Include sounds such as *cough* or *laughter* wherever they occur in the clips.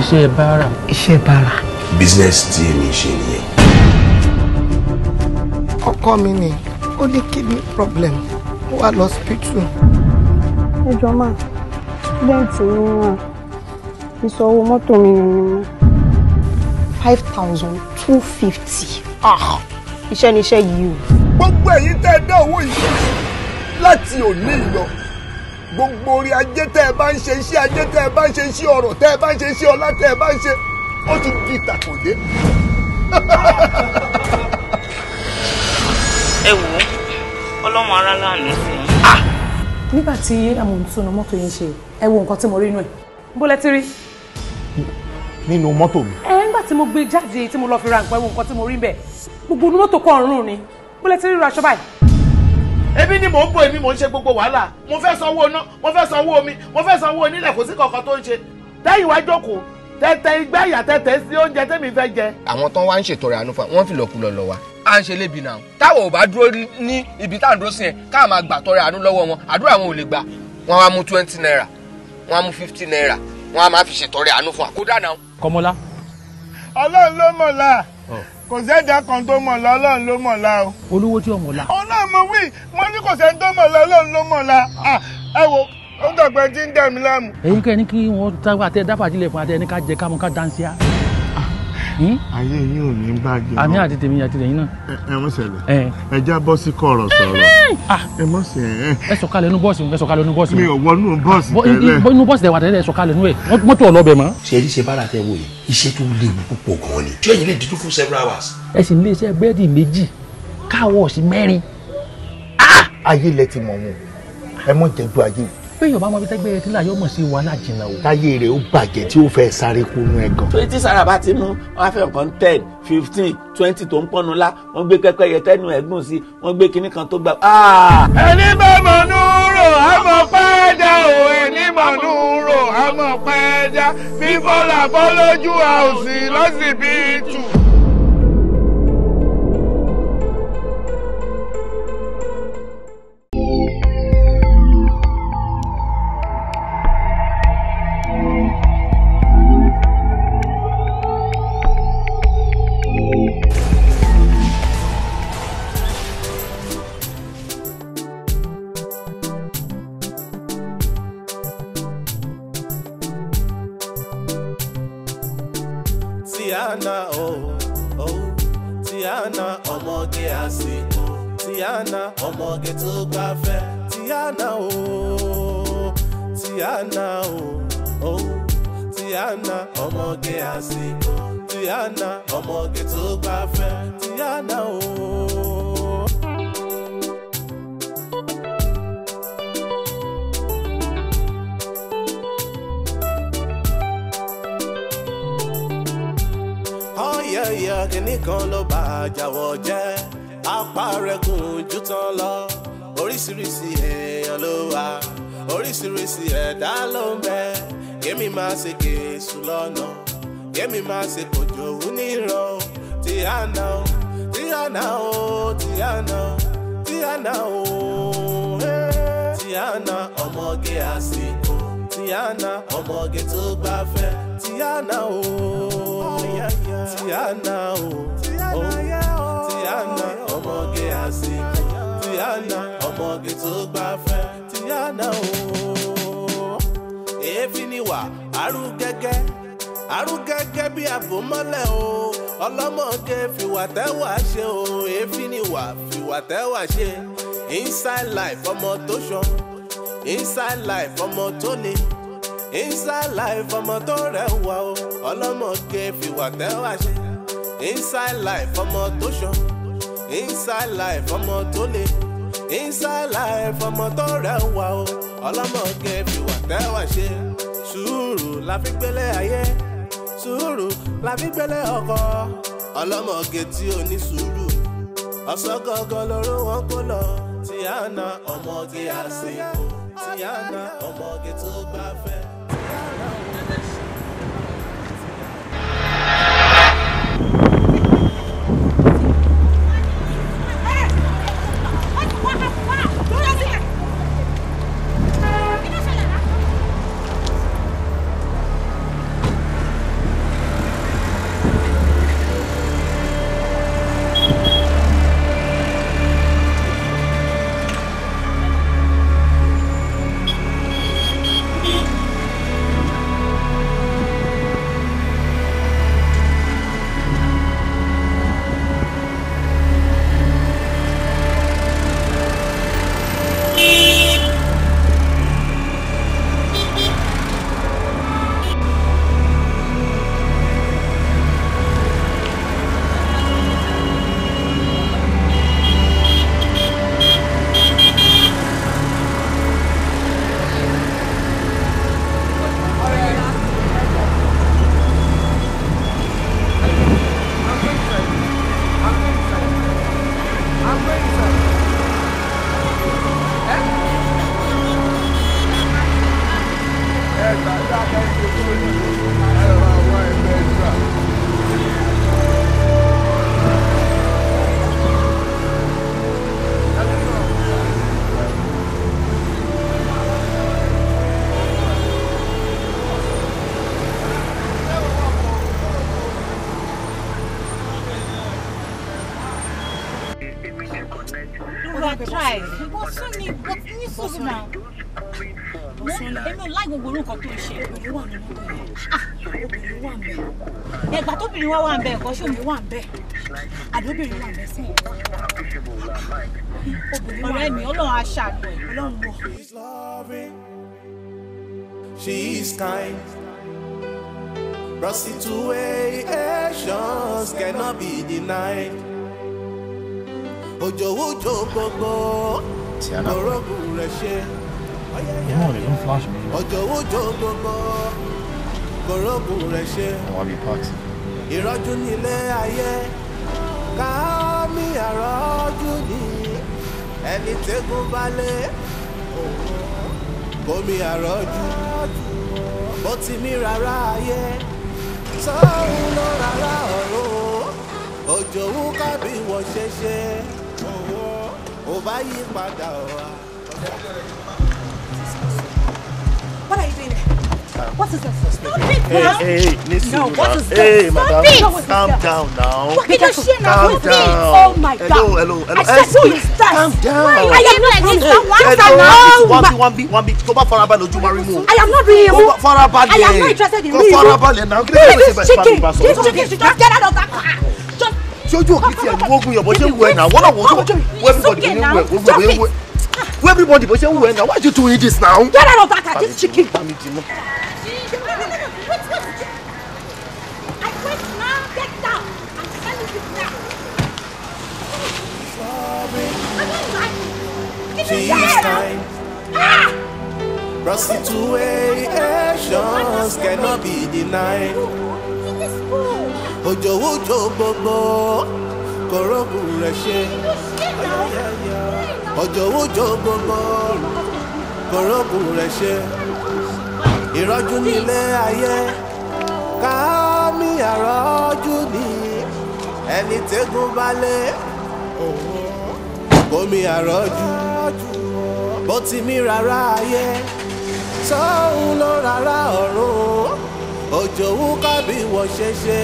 iṣẹ́ báárà. iṣẹ́ báárà. business tí èmi ṣe nìyẹn. ọkọ mi ni ó ní kidney problem ó wà lọ́sípítù. ẹ jọ máa dẹ́ǹtì mi wà ìsanwó mọ́tò mi ni mo. five thousand two fifty ah, iṣẹ́ ni iṣẹ́ yìí o. gbogbo ẹ̀yin tẹ́ ẹ dá owó yìí láti òní lọ gbogbo orí ajé tẹ́ ẹ bá ń ṣe iṣẹ́ ajé tẹ́ ẹ bá ń ṣe iṣẹ́ ọ̀rọ̀ tẹ́ ẹ bá ń ṣe iṣẹ́ ọlá tẹ́ ẹ bá ń ṣe ó ti di ìtàkùndé. *laughs* ẹ wò ó ọlọ́run ara láàánú sí i. Ah! nígbà tí amòǹtúnú mọ́tò yìí ń ṣe ẹ wo nǹkan tí mo rí inú ẹ̀ bó lẹ ti rí. nínú mọ́tò mi. ẹ ńgbà tí mo gbé jáde tí mo lọ fi ra nǹkan ẹ wo nǹkan tí mo rí bẹ́ẹ̀ gbogbo inú mọ́tò ọ̀run ni bó lẹ ti rí irú aṣọ báyìí èmi ni mò ń bọ̀ èmi mò ń ṣe gbogbo wàhálà mo fẹ́ sanwó iná mo fẹ́ sanwó omi mo fẹ́ sanwó onílẹ̀ kò sí kankan tó ń ṣe tẹ́yìn wá jókòó tẹ́tẹ́ igbá ìyá tẹ́tẹ́ sí oúnjẹ tẹ́mi fẹ́ jẹ. àwọn tán wá ń ṣètọrẹ àánú fún wa fi lọ́kùlọ̀ lọ wa à ń ṣe lébi náà táwọn ò bá dúró ní ibi tá dúró sí yẹn ká máa gbà tọrẹ àánú lọ́wọ́ wọn àdúrà wọn ò lè gbà wọn á mú twenty naira wọn á mú fifty naira wọn á máa fi ṣètọrẹ àánú fún wa kódà náà. kọmọlá. ọlọ́run ló mọ̀ la. Oh kò sẹ́dá kan tó mọ̀ la ọlọ́run ló mọ̀ la o. olówó tí o mọ̀ la. ọlọ́run mo wí mo ní kò sẹ́ni tó mọ̀ la ọlọ́run ló mọ̀ la ẹ wo ó dọ̀gbẹ́ tí ń dẹ̀ mí láàmú. èyí kẹ́ ni kí wọ́n tá àtẹ dáfàdílẹ̀ fún àtẹ ní ká jẹ ká ká dáńsíá. Hmm? ayé yín ò ní bàjẹ́. àmì àti tèmi àti tèyín náà. ẹ ẹ mọ sẹlẹ ẹ já bọ́sì kọ̀rọ̀ sọ̀rọ̀ ah! ẹ mọ sẹ ẹ. ẹ sọ̀kalẹ̀ inú bọ́ọ̀sì ẹ sọ̀kalẹ̀ inú bọ́ọ̀sì. mi ò wọnú bọ́ọ̀sì tẹ́lẹ̀. inú bọ́ọ̀sì tẹ wà tẹ́lẹ̀ sọ̀kalẹ̀ inú ẹ mọ́tò ọlọ́bẹ mọ́. ṣe é ṣe bára tẹ wo yìí iṣẹ́ tó lè mú púpọ̀ gan ni. ṣé ẹ̀yin lè dúdú fún several hours. ẹ sì lè ṣe bẹ́ẹ̀dì méjì káwọ̀ sí mẹ́rin. Ah! ayé lẹ ti mọ̀ wọn ẹ mọ̀ jẹ́ gbọ́ ayé yìí pé yorùbá mọ ibi tẹgbẹ tílà yóò mọ sí wàhálà jìnnà o. táyé rẹ̀ ó bàjẹ́ tí ó fẹ́ sáré kunu ẹ̀ gan. tí sara bá ti mú wọn fẹ́ ọ̀kan ten fifteen twenty tó ń pọ́nu la wọ́n gbé kẹ́kẹ́ yẹ tẹ́nu ẹ̀gbọ́n sí wọ́n gbé kinní kan tó gbà. Ah! ẹni bá mọ̀ rò àmọ̀ pẹ́ dá o ẹni mọ̀ nú rò àmọ̀ pẹ́ dá bí bọ́lá bọ́ lójú àòsì lọ́sibítù. ọmọge tó gbafẹ́ Tihana o Tihana o Tihana ọmọge àsìkò Tihana ọmọge tó gbafẹ́ Tihana o. yẹ̀yẹ̀ kìnnìkan ló bá àjàwọ̀ jẹ́ apá rẹ̀ gùn jù tán lọ oríṣiríṣi èèyàn ló wà oríṣiríṣi ẹ̀dá ló ń bẹ kémi máa ṣe kèésù lọ́nà kémi máa ṣe kòjò òun nírọ̀ Tihana o Tihana o Tihana o Tihana o Tihana ọmọge àsìkò Tihana ọmọge tó gbafẹ́ Tihana o Tihana o. Tihana ọmọge tó gbafẹ́ Tihana ooo. èéfín ni wà arúgẹ́gẹ́ arúgẹ́gẹ́ bí àbòmọ́lẹ̀ o ọlọ́mọge fìwàtẹ́wà ṣe o èéfín ni wà fìwàtẹ́wà ṣe inside life ọmọ tó ṣan inside life ọmọ tó le inside life ọmọ tó rẹwà o ọlọ́mọge fìwàtẹ́wà ṣe inside life ọmọ tó ṣan inside life ọmọ tó le inside life ọmọ tó rẹwà o ọlọ́mọge fìwà tẹ́wà ṣe sùúrù la fi gbélé ayé sùúrù la fi gbélé ọkọ ọlọ́mọge tí o ní sùúrù ọ̀sán gangan lóró wọn kó lọ Tihana ọmọge àsìkò Tihana ọmọge tó bá fẹ́. bọ́ṣọ́ wà ń bẹ̀ àdóbìnrin wà ń bẹ̀ sí ọ̀rẹ́ mi ọlọ́run aṣáájú ẹ̀ ọlọ́run wọ̀. She's loving, she's kind. Prostitutions cannot be denied. Ojo ojo gbogbo, orogun rẹ ṣe. Come on, don't flash me. Ojo ojo gbogbo, orogun rẹ ṣe. I want to be boxing ìrọ́jú nílé ayé káàmì àrọ́jú ni ẹni tẹ́gùn balẹ̀ omi àrọ́jú bó ti ní rárá ayé sọ́hun ló rárá ọ̀rọ̀ òjò wú kábí wọ́n ṣẹ̀ṣẹ̀ ò bá yí padà wá. What is this? Stop it, Hey, hey, listen. No, what is this? Hey, madam. Calm down now. What can you share now with me? Oh my God. Hello, hello, hello. I said, who is that? Calm down. are you not like this. One B, one B, oh one B. Tó bá farabalẹ̀ ojú máa rí mú. I am not really mú. Farabalẹ̀. I am not interested in really mú. Farabalẹ̀ now. This chicken, this chicken should just get out of that car. Just. Ṣojú òkìtì ẹ̀ ni wọ́n gun yọ̀bọ̀ ṣé ń wù ẹ̀ náà? Wọ́n náà wọ́n sọ wọ́n everybody ní wù ẹ̀ wọ́n gbogbo everybody but say, well, now why are you doing this now? Get out of that car, this chicken. peacetime. Prostitutions cannot be denied. Ojo ojo gbogbo korogun rẹ ṣe. Ojo ojo gbogbo korogun rẹ ṣe. Ìrọ́jú nílé ayé kámi àrọ́jú ni ẹni tẹ́gun balẹ̀ omi àrọ́jú bó ti mí rárá ayé sóhun ló rárá ọ̀run òjò wúkọ́ bí wọ́n ṣe ṣe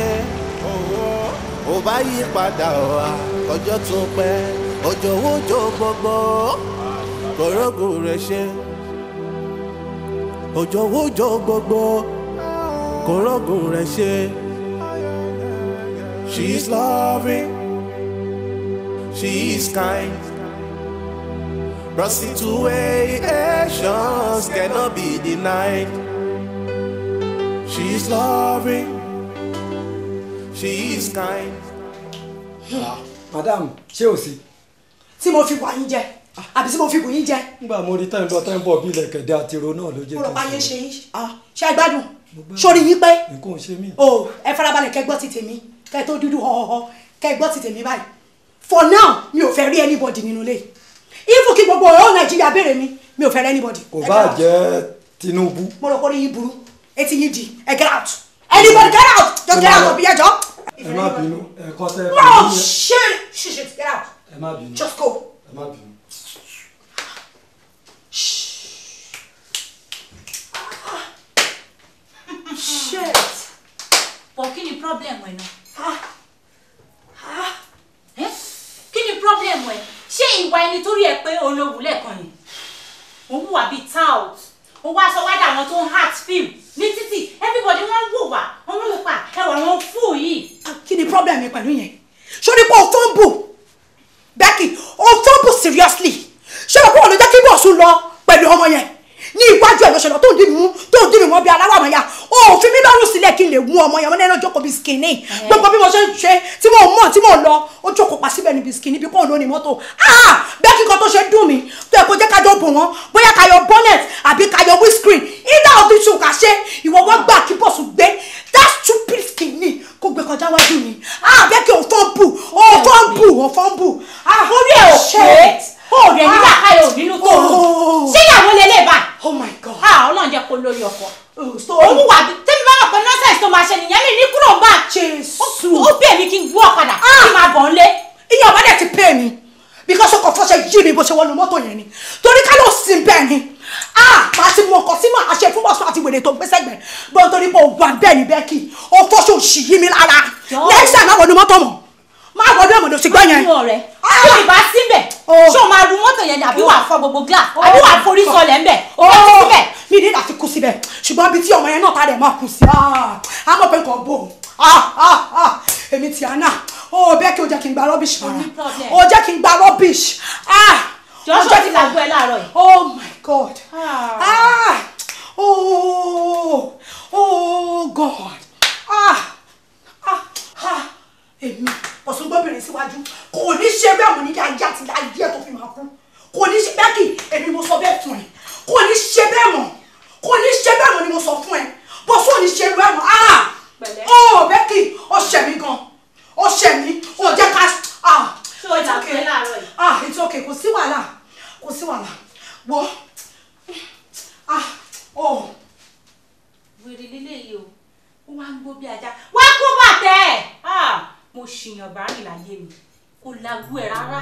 ò bá yí padà wá ọjọ́ tó pẹ́ òjò wújò gbogbo kòrógùn rẹ̀ ṣe òjò wújò gbogbo kòrógùn rẹ̀ ṣe. She's loving, she's kind. Prostitutions cannot be denied. She's loving, she is kind. Ah, madam, ṣé o sí? Tí mo fi wà yín jẹ, àbí tí mo fi bù yín jẹ. Nígbà mo rí tẹ́yìn lọ tẹ́yìn bọ̀ bí ilẹ̀ kẹ̀dẹ́ àti ro náà ló jẹ́ kí n sọ. Mo rọ̀ bá yẹn ṣe yín. Ah, ṣé ẹ gbádùn? Sori yín pé. Nǹkan ò ṣe mí. O ẹ farabalẹ̀ kẹ́ gbọ́ ti tèmi kẹ́ tó dúdú họ́họ́họ́ kẹ́ gbọ́ ti tèmi báyìí. For now mi ò fẹ́ rí anybody nínú ilé yìí ifo kí gbogbo ọ̀rọ̀ nàìjíríà béèrè mi mi ò fẹ́ anybody. kò bá jẹ́ tinubu. mo rò kórè yín burú etí yín di ẹ get out anybody get out don't get out òbí ẹjọ́. ẹ má bínú ẹ̀kọ́ tẹ́ ẹ. no shit shit shit get out. ẹ má bínú just go. ẹ má bínú. shit. but kí ni problem ẹ̀ náà. wùwà bíi tout ó wá sọ wá dà àwọn tó ń heart film ní títì everybody wọ́n ń wò wá wọ́n ń lùpà ẹwà wọn fún yìí. kí ni problem mi pẹ̀lú yẹn sórí pé o tó ń bù Becky o tó ń bù seriously ṣé o kò wọ́n ló jẹ́ kí bọ́ọ̀sù lọ pẹ̀lú ọmọ yẹn ní iwájú ẹ̀ lọ́sọ̀rọ̀ tó ń dì mú tó ń dì mú mọ́ bí aláwọ̀ àmọ́yà o fi mi bẹ́rù sílẹ̀ kí n lè wú ọmọ yẹn ọmọ náà jókòó bisikini gbogbo bí mo ṣe ń ṣe tí mo mọ̀ tí mo lọ ó jókòó pa síbẹ̀ ní bisikini bí kò ń mọ́tò ah bẹ́ẹ̀ kíkan tó ṣe dùn mí tó yẹ kó jẹ́ kájọ bò wọ́n bóyá káyọ bonnet àbí káyọ windscreen either of the two kà ṣe ìwọ wọ́n gbà kí bọ́ọ̀sù gbé that stupid skinny kó gbé kọjá wájú mi ah bẹ́ẹ̀ kí òfò ń bù òfò ń bù òfò ń bù ah orí ẹ̀ ò ṣe òòrè nígbà káyọ̀ òdínú tó rò oh my god. ah ọlọ́run jẹ́ kó lórí ọkọ̀. Oh, òun wà tẹ́mi bá wà pé nọ́sẹ̀sì tó máa ṣe nìyẹn mi ní kúrò bá jésù ó bẹ̀ mí kí n gbọ́ padà ah! kí n máa bọ̀ ń lé. iye ọba dẹ̀ ti pè mí because ọkọ̀ fọṣẹ yí mi bó ṣe wọnú mọ́tò yẹn ni torí ká ló sin bẹ́ẹ̀ ni ah! màá ti mọ ọkọ̀ sí màá ṣe fún wàásù àti wèrè tó ń gbé sẹ́gbẹ̀ẹ́ bọ́n torí pé òun wà bẹ́ẹ̀ ni bẹ́ẹ̀ kì í ó fọṣọ òṣì yí mi lára lẹ́sẹ̀ náà wọnú mọ́tò mọ́ má wọlé ọmọdé ṣe gbọ́ yẹn. ọ̀rẹ́ ìbá síbẹ̀ ṣé o máa ru mọ́tò yẹn ni àbí oh! wàá fọ gbogbo glass oh! àbí wàá forí sọlẹ̀ ńbẹ̀ o bá ti oh! síbẹ̀. mi ní láti kú síbẹ̀ ṣùgbọ́n ibi tí ọmọ yẹn náà ta rẹ̀ máa kú sí ah! a mọ̀ pé nǹkan bò ó ah! Ah! èmi Tihana ó bẹ́ẹ̀ kí o jẹ́ kí n gba rubbish mara o jẹ́ kí n gba rubbish jọ́sọ̀ ti làgbo ẹ láàárọ̀ yìí. oh my god ah. Ah. oh oh god ah ah ah èmi ọ̀sùn gbọ́bìnrin síwájú kò ní ṣe bẹ́ẹ̀ mọ̀ ní ayé àti ayé tó fi máa kú kò ní ṣe bẹ́ẹ̀ kì èmi mo sọ bẹ́ẹ̀ fún ẹ kò ní ṣe bẹ́ẹ̀ mọ̀ kò ní ṣe bẹ́ẹ̀ mọ̀ ni mo sọ fún ẹ bó sọ ní ṣe bẹ́ẹ̀ mọ̀ ah ọ bẹ́ẹ̀ kì ọ̀ṣẹ̀ mi gan ọ̀ṣẹ̀ mi ò jẹ́ ká ah it's okay ah it's okay kò sí wàhálà kò sí wàhálà wọ́ ọ. Ah! Oh. wèrè lílé yìí o wọ́n á gbó bí ajá wọ́n á kú bàtẹ́ ẹ̀. Ah! mo ṣìyàn bárì láyé mi kò lagu ẹ̀ rárá.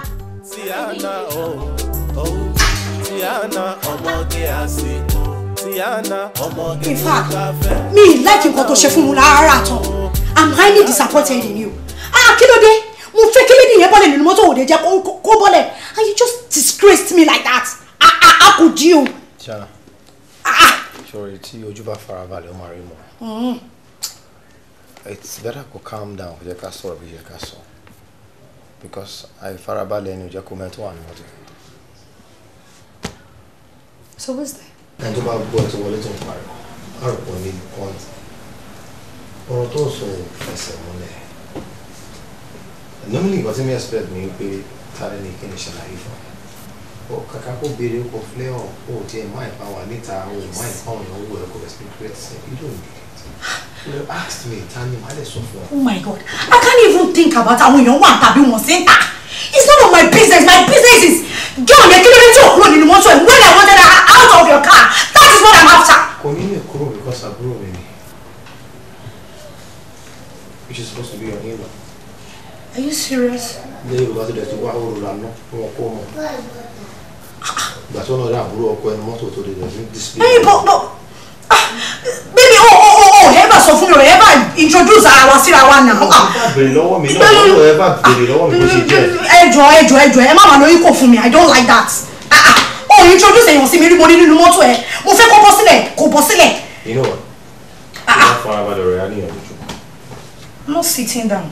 Tiana o o Tiana ọmọge àsìkò Tiana ọmọge ní káfẹ́. mi ì láìkí nǹkan tó ṣe fún mi rárá tán I'm highly disappointed in you. ah kí ló dé mo fẹ́ kí lédi yẹn bọ́lẹ̀ nínú mọ́tò òde jẹ́ kó bọ́lẹ̀ and you just disgraced me like that ah ah ah kò ah. jí o. Tiana sọ̀rọ̀ tí ojú bá farabalẹ̀ ó máa rí mọ́. Mm-hmm it's better to calm down kò jẹ́ ká sọ̀rọ̀ bí jẹ́ because I far ò jẹ́ kó mẹ́tò one ní so what's that. ẹni tó bá gbọ́ ẹ tó wọlé tó ń pariwo àròpọ̀ ní pọ́ǹtì ọ̀rọ̀ tó sọ ẹsẹ̀ múlẹ̀ normally nǹkan tí expect ni pé tàbí ni kí ni ṣàlàyé fún mi ó kàkà kó béèrè kó flẹ́ ọ̀ kó tiẹ̀ máa ń pa wà níta ó máa ń pa òun náà i you don't need it. You asked me, Tanya, why they so far? Oh my God, I can't even think about àwọn èèyàn wà tàbí wọn ṣe ń tà. It's none of my business. My business is girl yẹn kí ló dé tí òkúrò nínú mọ́tò when I wanted her out of your car. That is what I'm after. Kò ní lè kúrò because àbúrò mi ni. Which is supposed to be your neighbor. Are you serious? Ilé Yorùbá tó dẹ̀ ti wá òru lànà fún ọkọ wọn. Ìgbà tí wọ́n lọ rí àbúrò ọkọ to mọ́tò tó dẹ̀ dẹ̀ but display. Bẹ́ẹ̀ni bọ̀ bọ̀ sọ fún mi ọ̀rẹ́ bá introduce ara wa síra wa nà. bèrè lọ́wọ́ mi náà lọ́wọ́ ah, ẹ bá bèrè lọ́wọ́ mi bó ṣe jẹ́. ẹjọ ẹjọ ẹjọ ẹ má wà lórí kò fún mi i don't like that. Ah, ah, o ò introduce èèyàn sí mi rí mo ní nínú mọ́tò ẹ mo fẹ́ kó bọ́ sílẹ̀ kó bọ́ sílẹ̀. you know what? ìyá farabalẹ̀ rẹ̀ á níyànjú. I'm not sitting down.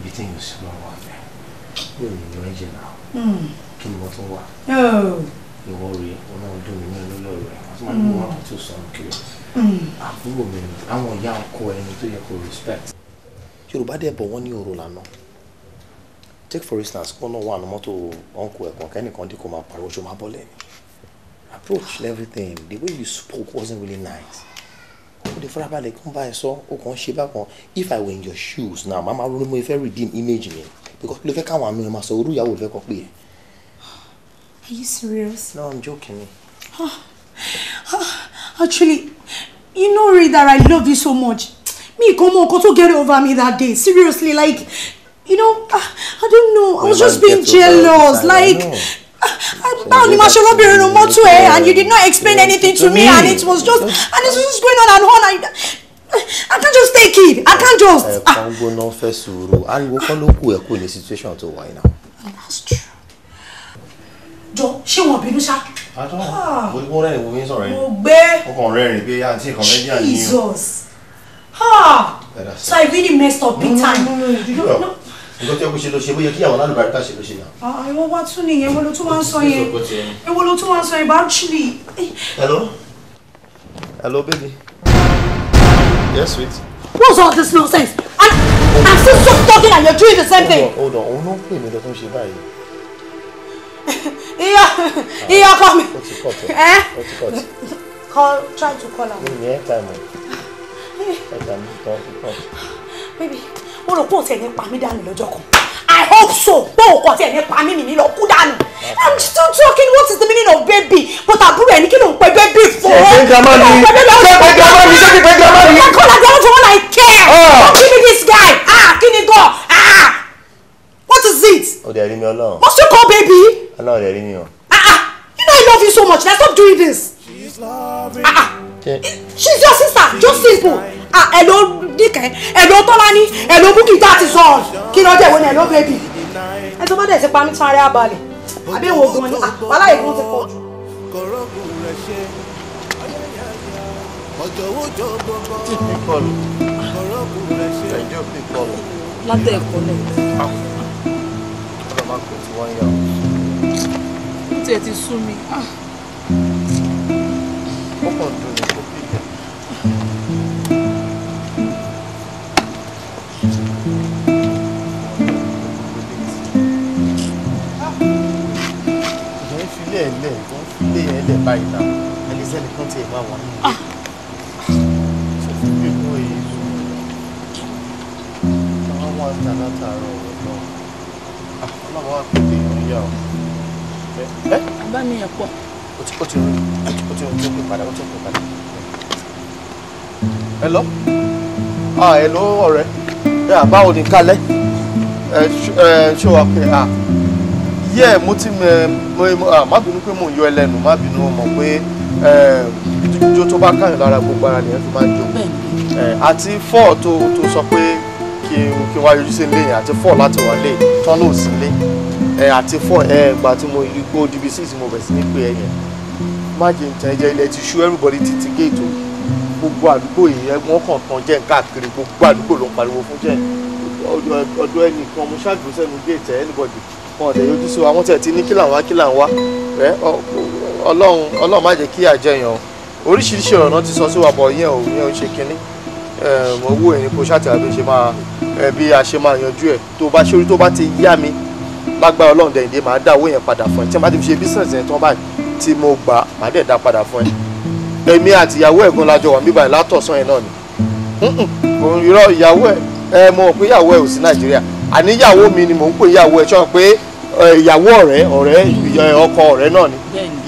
Everything you smell, what? You're in your engine now. Hmm. kí ni mo tún wà ìwọ rè wọn náà dùn mí nínú lọ́rọ̀ rẹ̀ wọ́n tún máa ń gbọ́ hmm. àwọn tó sọnù kiri hmm. àbúrò mi ni àwọn ìyá ń kọ ẹni tó yẹ kó respect. yorùbá dẹ̀ bọ̀ wọ́n ní ọ̀rọ̀ lànà take for instance kó náà wà ní mọ́tò ọ̀nkù ẹ̀kọ́ kẹ́nìkan dín kò máa pariwo ṣó máa bọ́ lẹ́yìn approach everything the way you spoke wasn't really nice ó lè farabalẹ̀ kó ń bá ẹ sọ ó kàn ń ṣe bákan if i were in your shoes now màmá ronú mo fẹ́ redeem image mi because ló fẹ́ káwọn àmì rẹ̀ máa sọ orú ìyàwó fẹ́ kọ́ pé ẹ̀. Are you serious? No, I'm joking. Oh, oh, actually, you know Ray that I love you so much. Me come on, to get over me that day. Seriously, like, you know, I, ah, I don't know. I was just being jealous. Like, báwo ni ma ṣe lóbìnrin nu mọ́tò ẹ̀ and you did not explain anything to me and it was just and it was just going on and on. And, I can't just take it. I can't just. I Ẹ̀kan ah. gbóná fẹ́ sùúrù. Ariwo kọ́ ló kù ẹ̀ in ní situation tó wà yìí oh, That's true. Joe, she wọn bínú ṣá? Adọ́ gbogbo rẹ̀ wo yín sọ̀rọ̀ yín. Mo gbé. Ó kàn rẹ́rìn pé àǹtí kọ̀mẹ́díà Jesus. Ha! Ah. So I really messed up big time. No, no, no, no, no nǹkan tí ó kú ṣe ló ṣe bóyá kí àwọn alálùbáríkà ṣe ló ṣe náà. àwọn ah, wá tún nìyẹn èwo ló tún wá ń sọ yẹn èwo ló tún wá ń sọ yẹn bá ń ṣì. hello hello baby. Yes, sweet. What's all this nonsense? I, I'm still just talking and you're doing the same thing. Hold on, hold on. Òun ló ń pè mí lọ tó ń ṣe call me. Iya ọkọ cut ẹ. O Call, try to call her. Mi ní ẹ time o. Ẹ time to talk. Baby, mo rò pé òun ti ẹ̀ ní pa mí dànù lọ́jọ́ I hope so. Pé òkò tí ẹ̀mí pa mí mi ní lọ kú dànù. I'm still talking what is the meaning of baby? But àbúrò ẹ̀ ní kí ló ń pẹ́ baby fún? Ṣé gbẹ̀gàmá ni? Ṣé gbẹ̀gàmá ni? Ṣé gbẹ̀gàmá ni? I call like the one I care. Ah. Don't give me this guy. Ah, kí ni go. Ah, what is it? Oh, they're rí me alone. Must you call baby? I know they're mi you. Ah ah, you know I love you so much. Let's stop doing this. Ah ah, she's your sister, just simple. Ah, ló dìkẹ́ ẹ ló tọ́lání ẹ ló búkì tá a ti sọ̀rọ̀ kí ni ọjọ́ ìwé ni ẹ ló bèbí ẹ tó bá dẹ̀ ti pa mí tán ara balẹ̀ àbí ìwò gan ni ah, àpálá ìlú ti pọ̀ jù. látẹ̀ ẹ̀kọ́ náà. ó tiẹ̀ ti sú mi. Ah. ilẹ̀ ẹ̀lẹ̀ tó ilé ẹ̀lẹ̀ báyìí náà ẹlẹ́sẹ̀ nìkan ti ìmọ̀ àwọn yìí. ṣòfin ìlú èyí ló àwọn wọn ń dáná tààrọ ọ̀rọ̀ náà ọlọ́wọ́ wa pè yá o. bàbá mi ẹ̀ pọ̀. o ti o ti o ti o ti pè padà o ti pè padà. hello ah hello ọ̀rẹ́ báwo ni kálẹ̀ ẹ ṣé wàá pè é ah yẹ mo ti eh, ah, má bínú pé mò ń yọ ẹlẹ́nu má bínú mọ̀ pé ìdújó eh, tó bá káyàn lára gbogbo ara nìyẹn fi máa ń jó eh, àti fọ́ọ̀ tó tó sọ pé kí kí wá yọjú sí ilé yẹn àti fọ́ọ̀ láti wà lé tán ló sí ilé àti fọ́ọ̀ ẹ̀ ìgbà tí mo rí gbó dbc tí mo bẹ̀ sí ní pé ẹ yẹn má jẹ ìtàn ẹ̀jẹ̀ ilẹ̀ ti ṣú everybody ti ti géètò gbogbo àdúgbò yìí ẹ̀gbọ́n kọ̀ọ̀kan jẹ́ káàkiri gbogbo àdúgbò ló ń pariwo fún jẹ́ ọ̀dọ̀ ẹnìkan mo ṣáàgbé sẹ́nu géètì anybody wọn ọ̀dẹ̀ yọjú sí wa wọ́n tẹ̀ ti ní kí là ń wá kí là ń wá rẹ ọlọ́run ọlọ́run má jẹ́ kí àjẹyàn o oríṣiríṣi ọ̀nà ti sọ sí wa bọ̀ yẹn ò yẹn ò ṣe kínní mo wò ẹni kó ṣáàtì àbí ṣe máa bí a ṣe máa yanjú ẹ̀ tó bá ṣe orí tó bá ti yá mi lágbára ọlọ́run dẹ̀yìndé màá dá owó yẹn padà fún ẹ tí wọ́n bá ti fi ṣe bísíǹsì yẹn tán báyìí tí mo gbà màá dẹ̀ dá padà fún ẹ èmi àti ìyàwó ẹ̀gbọ́n la jọ wà níbàyìí látọ̀sán yẹn náà ni ìyàwó ẹ̀ ẹ mọ̀ pé ìyàwó ẹ̀ ò sí nàìjíríà àníyàwó mi ni mò ń pè ìyàwó ẹ̀ sọ pé ìyàwó ọ̀rẹ́ ọ̀rẹ́ ọkọ ọ̀rẹ́ náà ni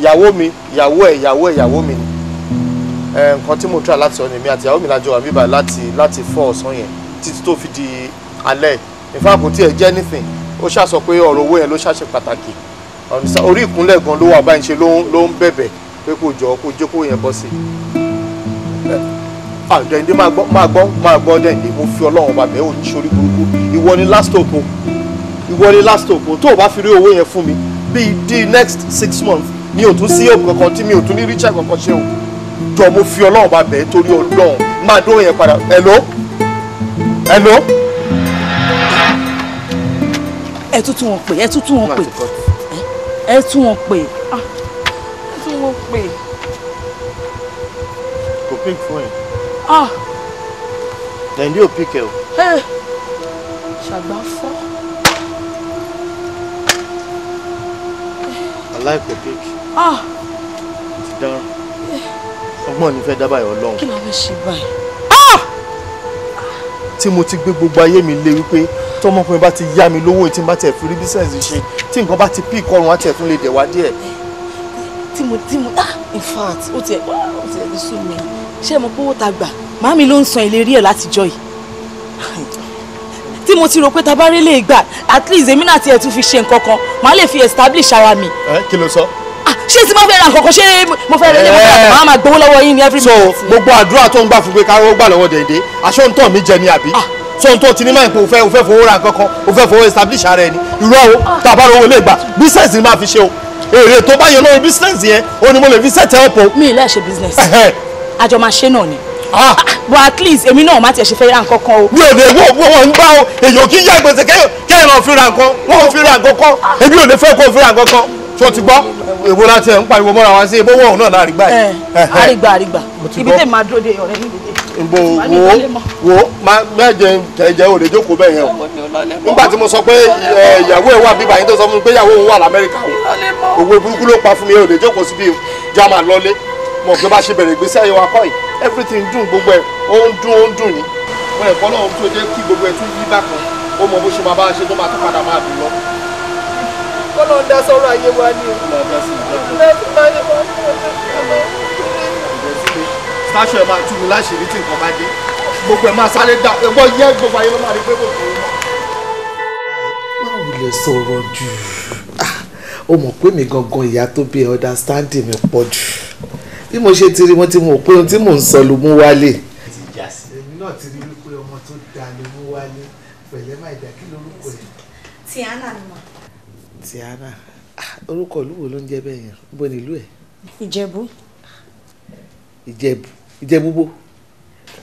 ìyàwó mi ìyàwó ẹ̀ ìyàwó ẹ̀ ìyàwó mi ni nǹkan tí mo try láti ọ̀nà èmi àti ìyàwó mi lájọ wà bíbá láti láti fọ́ ọ̀sán yẹn títí tó fi di alẹ́ in fact kò jẹ́ anything ó ṣàṣọ pé ọ̀rọ̀ owó yẹn ló ṣàṣe pàtàkì orí ìkúnlẹ̀ gan ló wà báyìí ṣe ló ń bẹ̀bẹ̀ pé kò jọ kó jókòó yẹn bọ́ sí i àdẹ̀ǹdé ah, máa gbọ́ máa gbọ́ máa gbọ́ dẹ̀ǹdé mo fi ọlọ́run ọba bẹ́ẹ̀ òní sórí burúkú ìwọ ni last hope ìwọ ni last hope tó o bá fi rí owó yẹn fún mi bíi di next six months mi ò tún sí hope kankan tí mi ò tún ní ríṣẹ́ kankan ṣe o jọ mo fi ọlọ́run ọba bẹ́ẹ̀ torí ọlọ́run máa dó yẹn padà hello hello. ẹ tún wọn pè ẹ tún wọn pè ẹ tún wọn pè ah, ẹ tún wọn pè. kò pink fún ẹ. Ah. Then you pick it. Hey. Ṣàgbá fọ́. Aláìkò pick. Ah. Ti dán. Ọgbọ́n ni fẹ́ dábàá yọ lọ́hùn. Kí ló fẹ́ ṣe báyìí? Ah! Tí mo ti gbé gbogbo ayé mi lé wípé tọmọkùnrin bá ti yá mi lówó tí n bá tẹ̀ fi rí bísẹ̀nsì ṣe tí nǹkan bá ti pí ìkọrùn á tẹ̀ ah in fact ó tiẹ̀ ó tiẹ̀ fi sún ṣé mo pówó ta gbà màámi ló ń san ìlérí ẹ̀ látijọ́ yìí tí mo ti rò pé tabaré lè gbà at least èmi náà tiẹ̀ tún fi ṣe nǹkan kan màá lè fi establish ara mi. ẹ kí ló sọ. Ah, ṣé tí mo fẹ́ ra nǹkan kan ṣé mo fẹ́ rẹ́lẹ́ mo máa gbowó lọ́wọ́ yín ní every minute. so gbogbo àdúrà tó ń gbà fún pé káwọ́ gbà lọ́wọ́ dèndé aṣọ ń tọ̀ mí jẹ ni àbí ah. so n tó ti ní máa ń pè òfẹ́ òfẹ́ fowó ra nǹkan kan òfẹ́ fowó establish ara ẹni irú àwọn tabaré owó lè gbà business ni máa fi ṣe o èrè tó bá yọ lórí business yẹn ó ní mo lè fi set up o. mi ì lẹ́ẹ̀ ṣe business àjọ máa ṣe náà ni. Ah! Ah, but at least èmi náà má tiẹ̀ ṣe fẹ́ ra nǹkan kan o. mi ò lè wọ wọn ń bá o èèyàn kì í yá gbèsè kẹ́hìnrán fi ra nǹkan wọn ò fi ra nǹkan kan ah. èmi ò lè fẹ́ kó o fi ra nǹkan kan tó ti gbọ́ èwo láti ẹ̀ ń pariwo mọ́ra wá sí ebówó ọ̀hún náà láàrin gbà eh, eh, eh. àrígbà àrígbà ibi tẹ̀ máa dúró de ọ̀rẹ́ mi dédé. nbo wo wo mẹ́jẹ tẹ̀jẹ ò lè jókòó bẹ́ẹ̀ yẹn o nígbà tí mo sọ pé ìyàwó ẹ̀ wà bíbá yín tó sọ fún mi pé ìyàwó òun wà lamẹ́ríkà o òwe burúkú ló pa fún mi ò lè jókòó síbí o já máa lọlé mo gbé bá ṣe bẹ̀rẹ̀ ìgbésí ayé wa kọ́ yìí everything dùn gbogbo ẹ̀ ó ń dùn ó ń dùn ní. wọn ẹ̀kọ́ náà tó jẹ́ kí gbogbo ẹ̀ tún yí bákan ó mọ bó ṣe máa bá a ṣe tó máa tó padà máa dùn lọ. kọ́nà ń dá sọ́rọ̀ ayé wa ni sáṣọ ẹ máa tú mi láṣìírí tí nǹkan bá dé gbogbo ẹ máa sáré dá ẹgbọ́n yẹ gbogbo ayé ló máa rí pé kò tó báwo lè sọ̀rọ̀ jù ó ah, mọ̀ pé mi gangan ìyá tó bí understanding mi pọ̀ jù bí mo ṣe ti rí mo ti mọ̀ pé ohun tí mò ń sọ ló mú wálé. èmi náà ti rí wípé ọmọ tó dáa ló mú wálé pẹ̀lẹ́ máa dà kí lórúkọ ẹ̀. Tiana ni mo. Tiana ah, orúkọ ìlú wo ló ń jẹ́ bẹ́ẹ̀ yẹn bó ni ìlú ẹ̀. Ìjẹ̀bú. Ìjẹ̀bú bó.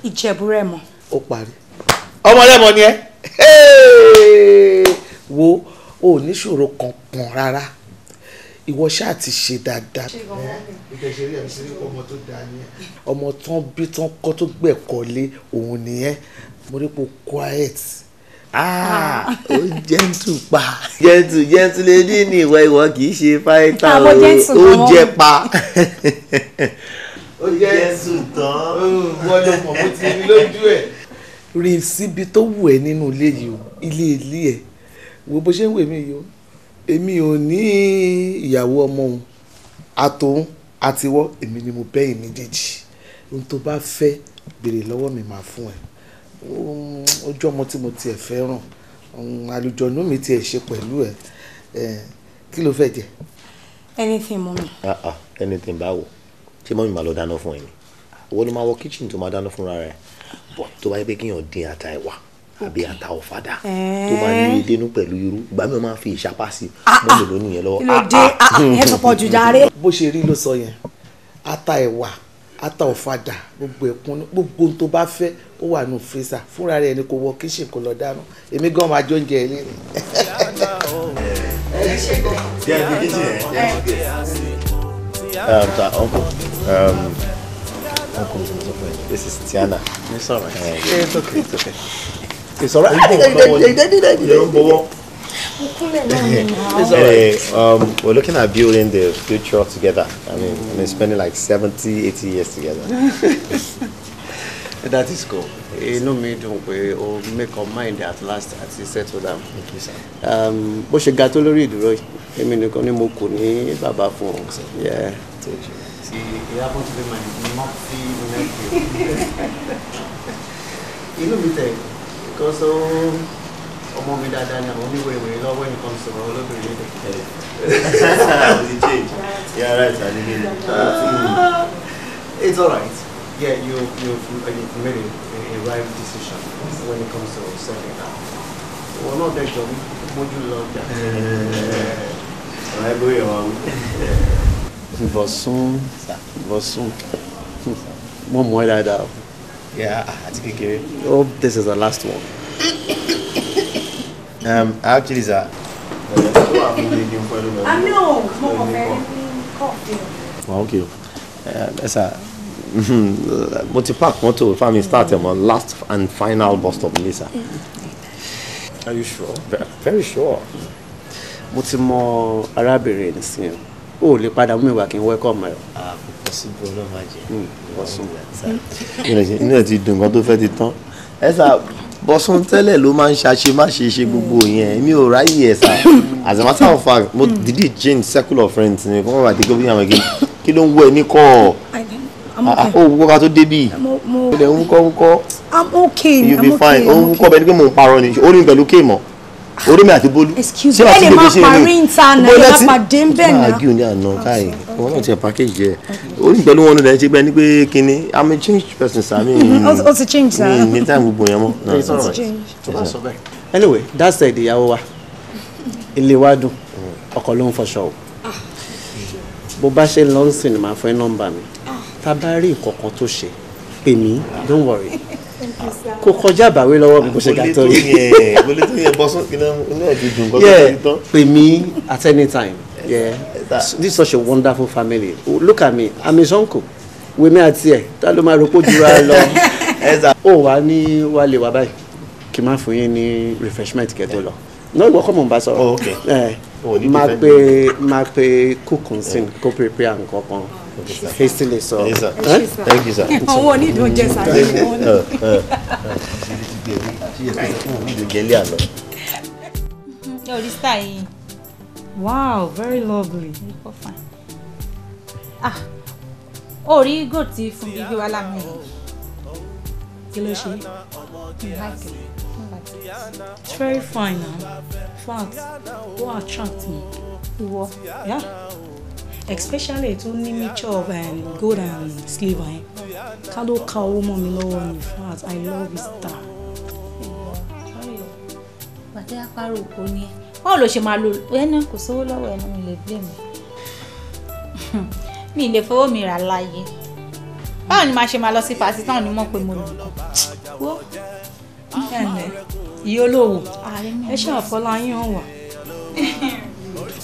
Ìjẹ̀bú Rẹ́mọ. ó parí ọmọ Rẹ́mọ ni ẹ wo o ò ní ṣòro kankan rárá ìwọ ṣáà ti ṣe dáadáa. ọmọ tán bí tán kọ́ tó gbẹ̀kọ́lé òun nìyẹn mo rí po quiet ó ah, gentle pa gentle gentle lady ni ìwọ ìwọ kì í ṣe fáìtà ah, o ó jẹ pa ó gentle tán wọ́n ló mọ̀ bó ti rí lójú ẹ̀. rìn síbi tó wù ẹ́ nínú ilé yìí ilé ilé ẹ̀ wo bó ṣe ń wèmí yìí o èmi ò ní ìyàwó ọmọ òun àtòun àtiwọ́ èmi ni mo bẹ́yìn méjèèjì ohun tó bá fẹ́ béèrè lọ́wọ́ mi máa fún ẹ ojú ọmọ tí mo tiẹ̀ fẹ́ràn àlùjọ̀nú mi tiẹ̀ ṣe pẹ̀lú ẹ kí ló fẹ́ jẹ. anything mọ́mi. Ah, ah, anything báwo ṣé mọ́mi máa lọ dáná fún ẹ ni owó ló máa wọ kitchen tó máa dáná fúnra rẹ bọ́ tó bá yẹ pé kéèyàn dín ata ẹ wà àbí ata ọ̀fadà tó máa eh. ní dénú pẹ̀lú irú ìgbà mi máa fi ìṣapá sí ah, ah. mo lè lónìí yẹn lọ́wọ́. ìlòdì ẹ sọpọ jù jàre. bó ṣe rí ló sọ yẹn ata ẹ̀wà ata ọ̀fadà gbogbo ẹ̀kún gbogbo tó bá fẹ́ ó wà nù fírísà fúnra rẹ̀ ni kò wọ kíṣìn kò lọ dáná èmi gan máa jọ oúnjẹ ilé um, uncle um, uncle this is Tiana. It's all right. Um, yeah, it's okay. It's okay it's all right. um, we're looking at building the future together. I mean, mm. I mean spending like 70, 80 years together. *laughs* that is cool. You know me, don't we? o make up mind at last as àti settle down. Thank you, sir. Um, but she got tó lórí right? I mean, nìkan ni mo kù ní bàbá fún ọ. See, it happened to be my mock fee nephew. You know me, take because ó ọmọ mi dáadáa ni àwọn oníwèéwèé lọ́wọ́ nìkan sọ̀rọ̀ olóbìnrin rẹ̀. yeah, right, I did it. Uh, it's all right. Yeah, you you've, you've made a, a right decision when it comes to selling that. Well, not that job. Mojú lọ jà. Ọ̀rọ̀ ẹgbẹ́ yẹn wá wí. Ìbọ̀sùn, ìbọ̀sùn, mo mọ̀ ẹ́ dáadáa. Yeah, àti kékeré. Hope oh, this is the last one. um, actually, sir. I know, mo kàn fẹ́ kọ́ọ̀tì. Wà ókè o. Ẹ sà, mo ti park mọ́tò fáwọn mi start ẹ̀ mọ́ last and final bus stop mi sà. Are you sure? Very, sure. Mo ti mọ arábìnrin nísìnyí. O ò lè padà mú ìwà kí n welcome síbò náà máa jẹ bọ́sùn inú ẹ̀ ti dùn nǹkan tó fẹ́ ti tán ẹ sà bọ́sùn tẹ́lẹ̀ ló máa ń ṣàṣe má ṣe ṣe gbogbo yẹn mi ò ráyè ẹ̀ sà *coughs* as a matter of fact mo mm. dìde change circle of friends ni kọ́mọ́ bàtí kó bí àwọn ẹgbẹ́ kí ló ń wọ ẹ ní kọ́ ọ ah, ah, ó wúkọ́ ká tó débì ó lè ń wúkọ́ wúkọ́ I'm okay I'm okay you be fine ó ń wúkọ́ bẹ́ẹ̀ ni pé mò ń parọ́ ni ó ní pẹ̀lú kéèmọ̀ orí mi àti bólú. excuse me ẹ lè máa parí ń ta náà ẹ máa pàdé ń bẹ̀ náà. bóyá ní àná káyì wọn náà ti ẹ package jẹ orí ìgbẹ́ ló wọn lọ́dọ̀ ẹ ṣe gbẹ́ pé kíni i'm a changed person sami. o mm-hmm. ti change sa. mi ní táìmù gbogbo yẹn mọ́. change. anyway that said ìyàwó wa ilé wa dùn mm. ọkọ ló ń fọṣọ o bó bá ṣe lọ́nsìn máa fẹ́ nọ́mbà mi ah. tá a bá rí nǹkan tó ṣe pè mí don't worry kò kọjá àbàwé lọ́wọ́ mi kò ṣe gàtọ yìí. wọlé tó yẹ bọ́ sókè náà inú dùn kọ́ tó tán. pè mí at any time yeah. this is such a wonderful family oh, look at me i'm his uncle wèmi àti ẹ̀ tá ló máa ropó jura lọ ó *laughs* wà ní wàlẹ̀ wà báyìí kì í má fún yín ní refreshment kẹ́tọ́ lọ náà ìwọ kọ́ mọ̀ n bá sọ̀rọ̀ oh, eh, máa pe máa pe cook consign eh. kó prepare nǹkan kan hastily sọ. thank you sir. àwọn *laughs* onídùn jẹ sáré wọn. yóò rí star yìí. wow very lovely. ah ó rí goat ti fún gbígbé wa láàmú yìí. kí ló ṣe. It's very fine now. In fact, go attract me. Iwọ. Yeah especially tó ní mixture of um, gold and silver yẹn ká ló ka owó mọ́ mi lọ́wọ́ ní fat i love star. bàtẹ́ apárò òkú ni ẹ báwo ló ṣe máa lo ẹni kò sówó lọ́wọ́ ẹni mi lè blame *laughs* mi lè fowó mi rà láàyè báwo ni màá ṣe máa lọ sí pàṣẹ táwọn onímọ̀ pé mo lò wó. ìyá ẹ̀ ìyá olówó ẹ ṣe àfọláyín hàn *laughs*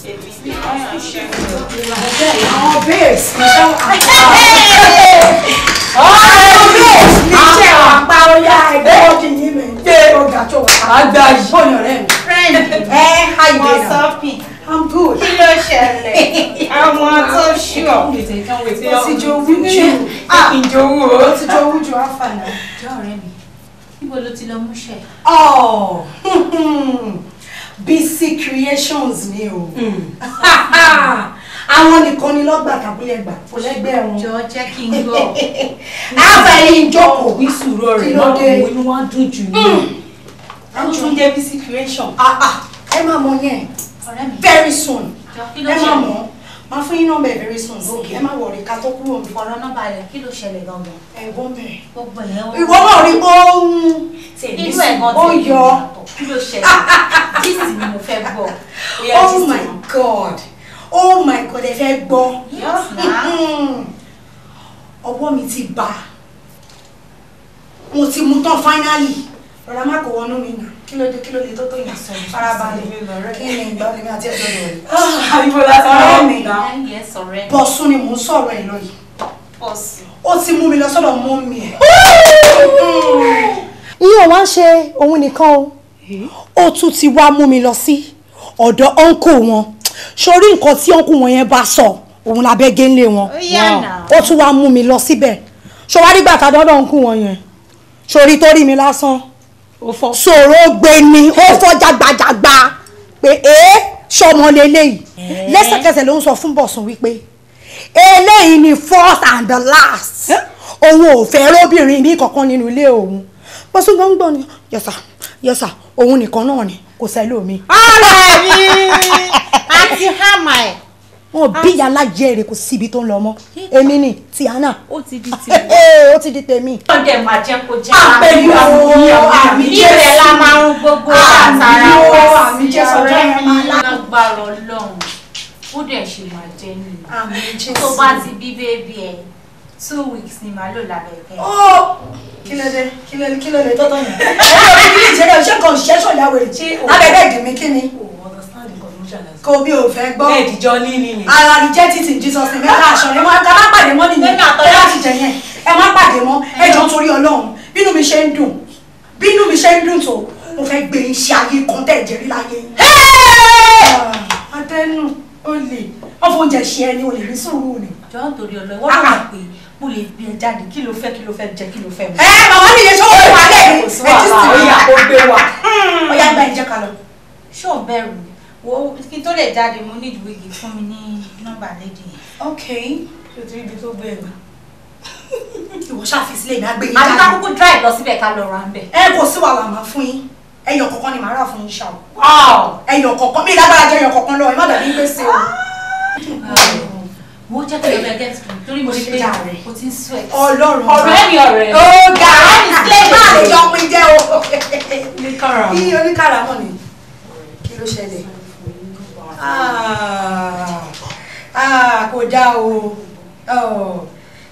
àwọn babes ní sẹ́wọ̀n àpá àwọn babes ní sẹ́wọ̀n àpá ọ̀yà ẹgbẹ́ ọdí yìí mi dé ọjà tó wà. àgbà yìí bọ̀yàn rẹ̀ mi. friend ẹ hi there what's up i'm good. kí ló ṣẹlẹ̀ àwọn tó ṣù ọ́. ó ti jọ owó jù ó ti jọ owó jù àfààní. ìjọ ọ̀rẹ́ mi níbo ló ti lọ mú ṣe. ọ̀ọ́ BC creations ni o. Mm. *laughs* Àwọn nìkan ni lọ́gbà tàbílẹ̀ gbà kò lẹ́gbẹ́ wọn. Jọ jẹ́ kí n gbọ́. Àbẹ̀lẹ̀ ìjọkọ̀. Òbí sùúrù rẹ̀ máa ń wo inú wá dùn jù ní. Mm. Ó tún jẹ́ Bisi creation. Ẹ máa mọ yẹn. Very soon. Ẹ máa mọ̀ máa fún yín nọ́mbà ẹ̀ very soon okay ẹ má wọ̀rí ká tó kúrò mi. ọ̀rọ̀ nọ́mbà rẹ̀ kí ló ṣẹlẹ̀ gangan. ẹ̀gbọ́n bẹ̀. gbogbo ẹ̀ wọ́n. ìwọ náà rí bó ń. inú ẹ̀gbọ́n ti ń yọ. kí ló ṣẹlẹ̀ gist *laughs* ni mo fẹ́ gbọ́. oh my god oh my god ẹ fẹ́ gbọ́. Hmm. ọwọ́ mi ti bà mo ti mú tán finally rọra má kó wọnú mi nà kí ló dé kí ló lè tó tó yàn mi yìí farabalẹ̀ kí ni ìgbà mi àti ẹjọ́ rẹ. àyùbọ̀lá sọ̀rọ̀ mi bọ̀sùn ni mò ń sọ̀rọ̀ ẹ̀ lọ yìí ó ti mú mi lọ sọ́dọ̀ mú mi ẹ̀. iye wa ń ṣe òun nìkan o ó tún ti wá mú mi lọ sí ọ̀dọ̀ ọ̀nkò wọn sórí nǹkan tí ọ̀nkò wọn yẹn bá sọ òun lábẹ́ wọn ó tún wá mú mi lọ síbẹ̀ ṣọwárí gbàtà dọ́dọ̀ sọ̀rọ̀ gbé ni ó eh. fọ́ jagbajagba pé ee eh, sọmọ lélẹ́yìí eh. lẹ́sẹ̀kẹsẹ̀ ló ń sọ fún bọ̀sùn wípé eléyìí ni first and the last òun ò fẹ́ róbìnrin ní kankan nínú ilé òun bọ́sùn gbọ́ngbọ́n ni yẹ̀sà yẹ̀sà òun nìkan náà ni kò sẹ́lómi. ọ̀rẹ́ mi àti *laughs* hàmà ẹ̀ wọn bí yàrá jẹrè kò síbi tó ń lọ mọ èmi ni Tihana ó ti di tèmi ó ti di tèmi. wọ́n dẹ̀ máa jẹ́ kó jẹ́ àpẹẹrẹ àwọn àmì jésù ibẹ̀ la máa ń gbogbo àtàrà wá sí ọ̀rẹ́ mi lágbára ọlọ́run ó dẹ̀ ṣe máa jẹ́ nìyí tó bá ti bí bébí ẹ̀ two weeks ni màá lò lábẹ́ ẹ̀. ó kí ló dé kí ló dé tọ́tọ̀ yẹn. ẹ̀rọ mi kì í ṣe kàn ṣe kàn ṣẹ́ṣọ̀ ìyàwó ẹ̀ tí abẹ́rẹ́ ìdìmí kí ni kò mi ò fẹ́ gbọ́ ẹ̀dìjọ́ ní nìyẹn ara reject it in Jesus name mẹ́ta àṣọ ẹ má pàdé mọ́ nìyẹn ẹ má ti jẹ yẹn ẹ má pàdé mọ́ ẹ jọ torí Ọlọ́run bínú mi ṣe ń dùn bínú mi ṣe ń dùn tó mo fẹ́ gbé iṣẹ́ ayé kan tẹ̀ jẹ́rí láyé. atẹnu o lè wọn fún oúnjẹ ṣe ẹni o lè rí sùúrù ni. jọ torí Ọlọ́run wọn kà pé mo lè bí ẹ jáde kí ló fẹ́ kí ló fẹ́ jẹ kí ló fẹ́ mu. ẹ bàbá mi yẹ wo kí tó lè jáde mo need wig fún mi ní nọ́mbà lédi yẹn. ok ṣe tí ibi tó gbé ẹ gbà. ìwọ ṣàfisílẹ̀ mi àgbẹ̀ yín dáadáa. àbíká kúkú drive lọ síbẹ̀ ká lọ ra ń bẹ̀. ẹ kò sí wàhálà máa fún yín ẹyọ kọ̀ọ̀kan ni màá rà fún yín ṣá o. ẹyọ kọ̀ọ̀kan mi lágbára jẹ ẹyọ kọ̀ọ̀kan lọ ẹ má dàbí pé ṣe o. mo jẹ́ pé ẹgbẹ́ gẹ́tù torí mo ṣe pé o ti ń sọ ẹ̀. ọlọ́run ọ̀rẹ́ mi ọ̀rẹ́. ó ga má lè jọ pin jẹ́ o. oníkàràmọ́ ni kí ló ṣẹlẹ̀? Ah. Ah, kò dáa o oh.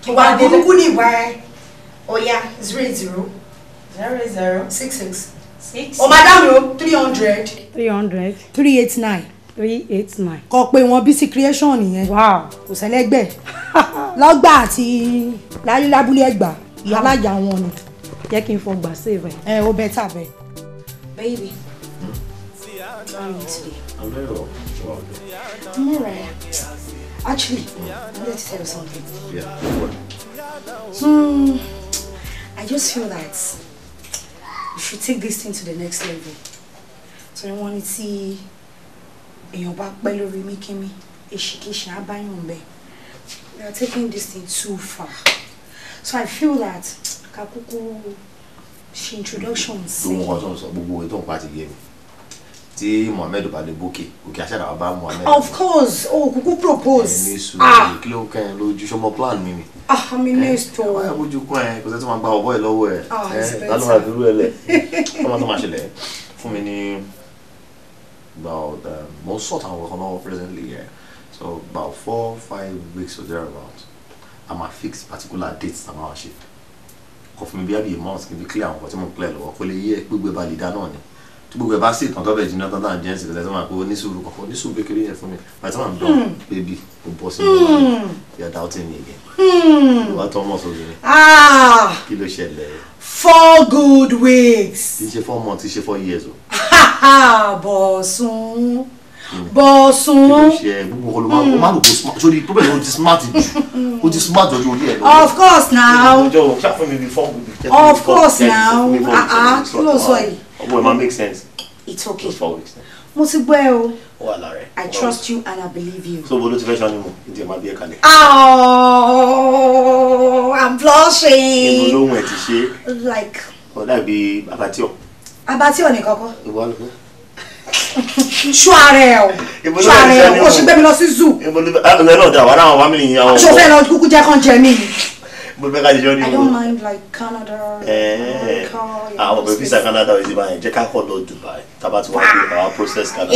ìwà burúkú ni ìwà ẹ ọ̀ya zero eight zero zero zero six six six o madam o three hundred three hundred three eight nine three eight nine kọ pé wọn Bísí creation nìyẹn wow kò sẹlẹgbẹ *laughs* lọgbà àti láyé lábúlé ẹgbà ìyá ah. alájà wọn ni jẹ́ kí n fọgbà save ẹ ẹ o bẹ́ẹ̀ tà bẹ́ẹ̀. baby how are you today. i'm very well. I'm alright. Actually, I wanted to tell you something. Yeah, what? Mm, I just feel that you should take this thing to the next level. So I want to see èèyàn bá pẹ́ lórí míkímí èṣìkíṣà abáyàn bẹ́ẹ̀. We are taking this thing too far. So I feel that kakuku she introduction. Don't nǹkan tó ń sọ gbogbo ètò ìpàtì yé mi tí mohammed bá bókè òkè àṣà àwọn bá mohammed. of course o oh, kúkú propose. ẹni sùn ní ah! kí ló kàn ẹ́ lójú sọmọ plan mi ah mi ní ìsọ. ẹ wáyà bójú kún ẹ kò sẹ́ tí wọ́n gba ọ̀bọ yìí lọ́wọ́ ẹ. ah eh, it's better ẹ lálọ́ àti irú ẹ lẹ̀ fún mi tó máa ṣẹlẹ̀ fún mi ní about um, mo ń sọ̀tàn àwọn kan presently yẹ so about four five weeks or thereabout a máa fix particular dates tá a máa ṣe kò fún mi bí i a month kí n fi clear àwọn kan tí mo clear lọ́wọ́ kó lè yẹ gbogbo ìbàlì dáná ni tí gbogbo ẹ̀ bá sì tán tọ́bẹ̀ jìnnà tán tán jẹ́ ẹ̀sìn kẹsẹ̀ tó máa kó oníṣòro kọ̀ọ̀kan oníṣòro kékeré yẹn fún mi by the time I'm done baby o bọ́ sí mi hmm. you are doubting me again ìwà hmm. tó mọ̀ sóbi mi ah. kí ló ṣẹlẹ̀. four good weeks. ti ṣe four months ti ṣe four years o. bọ̀sùn bọ̀sùn. Hmm. gbogbo ọkọ ló máa ń máa smart sórí tó bẹ̀rẹ̀ o ti smart jù o ti smart jọjú orí ẹ̀ lọ. of course now. of course now ah, ah, kí ló sọ yìí ọgbọ ẹ máa make sense. it's okay it four weeks. mo ti gbọ́ ẹ o. ó wà lára ẹ. i trust you and i believe you. so bolo ti fẹ́ ṣan ni mo ìdí ẹ̀ máa bí ẹ i'm blushing. ìbò lóhùn ẹ ti ṣe. like. ó be abatio. abatio nìkan kọ́. ìwọ ló fẹ́ ṣú ara ẹ o ṣú ara ẹ o kò ṣe gbé mi lọ sí zoo. ìbò ló fẹ́ ẹ ah, náà dà wàrà àwọn wàmìlì yẹn. ṣo fẹ́ lọ kúkú jẹ́ kán jẹ mí ni mo fẹ́ ká ṣiṣọ́ ní ìwò. I don't mind like Canada, eh, America. àwọn ọmọ visa Canada ọ̀sẹ̀ báyìí jẹ́ ká kọ́ lọ Dubai tábà tí wọ́n á process Canada.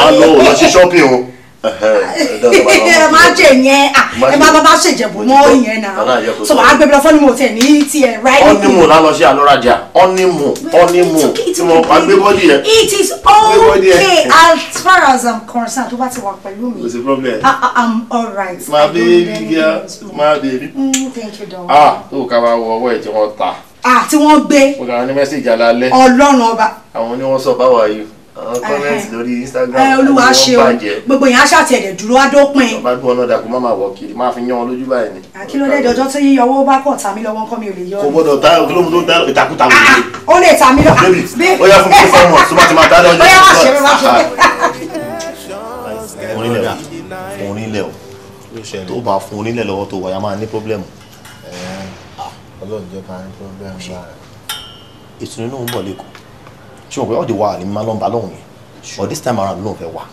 àwọn eh, lọ́wọ́ lọ sí eh, shopping o ẹ eh, eh, eh, má jẹ yẹn ah, ẹ má bàbá ṣèjẹ̀bù mọ́ yẹn náà so wàá gbé bílọ̀ fọ́nìmù tẹ̀ ní tiẹ̀ ráì nìyẹn. ọ́nìmù lálọ́ sí àlọ́rajà ọ́nìmù ọ́nìmù tí mo bá gbé bọ́dì yẹn. it is okay as far as i'm concerned tó bá ti wà pẹ̀lú mi. kò sí problem. Ah, ah, i'm alright. my baby girl my baby. Mm, thank you darling. ah tó o ká bá wọ ọwọ́ ẹ̀ tí wọ́n ta. ah tí wọ́n gbé. mo kàn ní mẹ́sàgì alalẹ́. ọlọ́run ọba. àwọn ni wọ́n báwa yìí kọ́mẹ́ntì uh, lórí instagram olúwa ṣeun fún onílẹ̀ lọ́wọ́ tó wáyà máa ní pọ́blẹ́mù. Ah, ọlọ́run jẹ́ ká ní pọ́blẹ́mù ìtùnú náà ń bọ̀ lẹ́kọ̀ọ́ ṣé mo pé ọ̀dẹ̀ wa ni mo máa yẹn but this time around ló ń fẹ́ wà.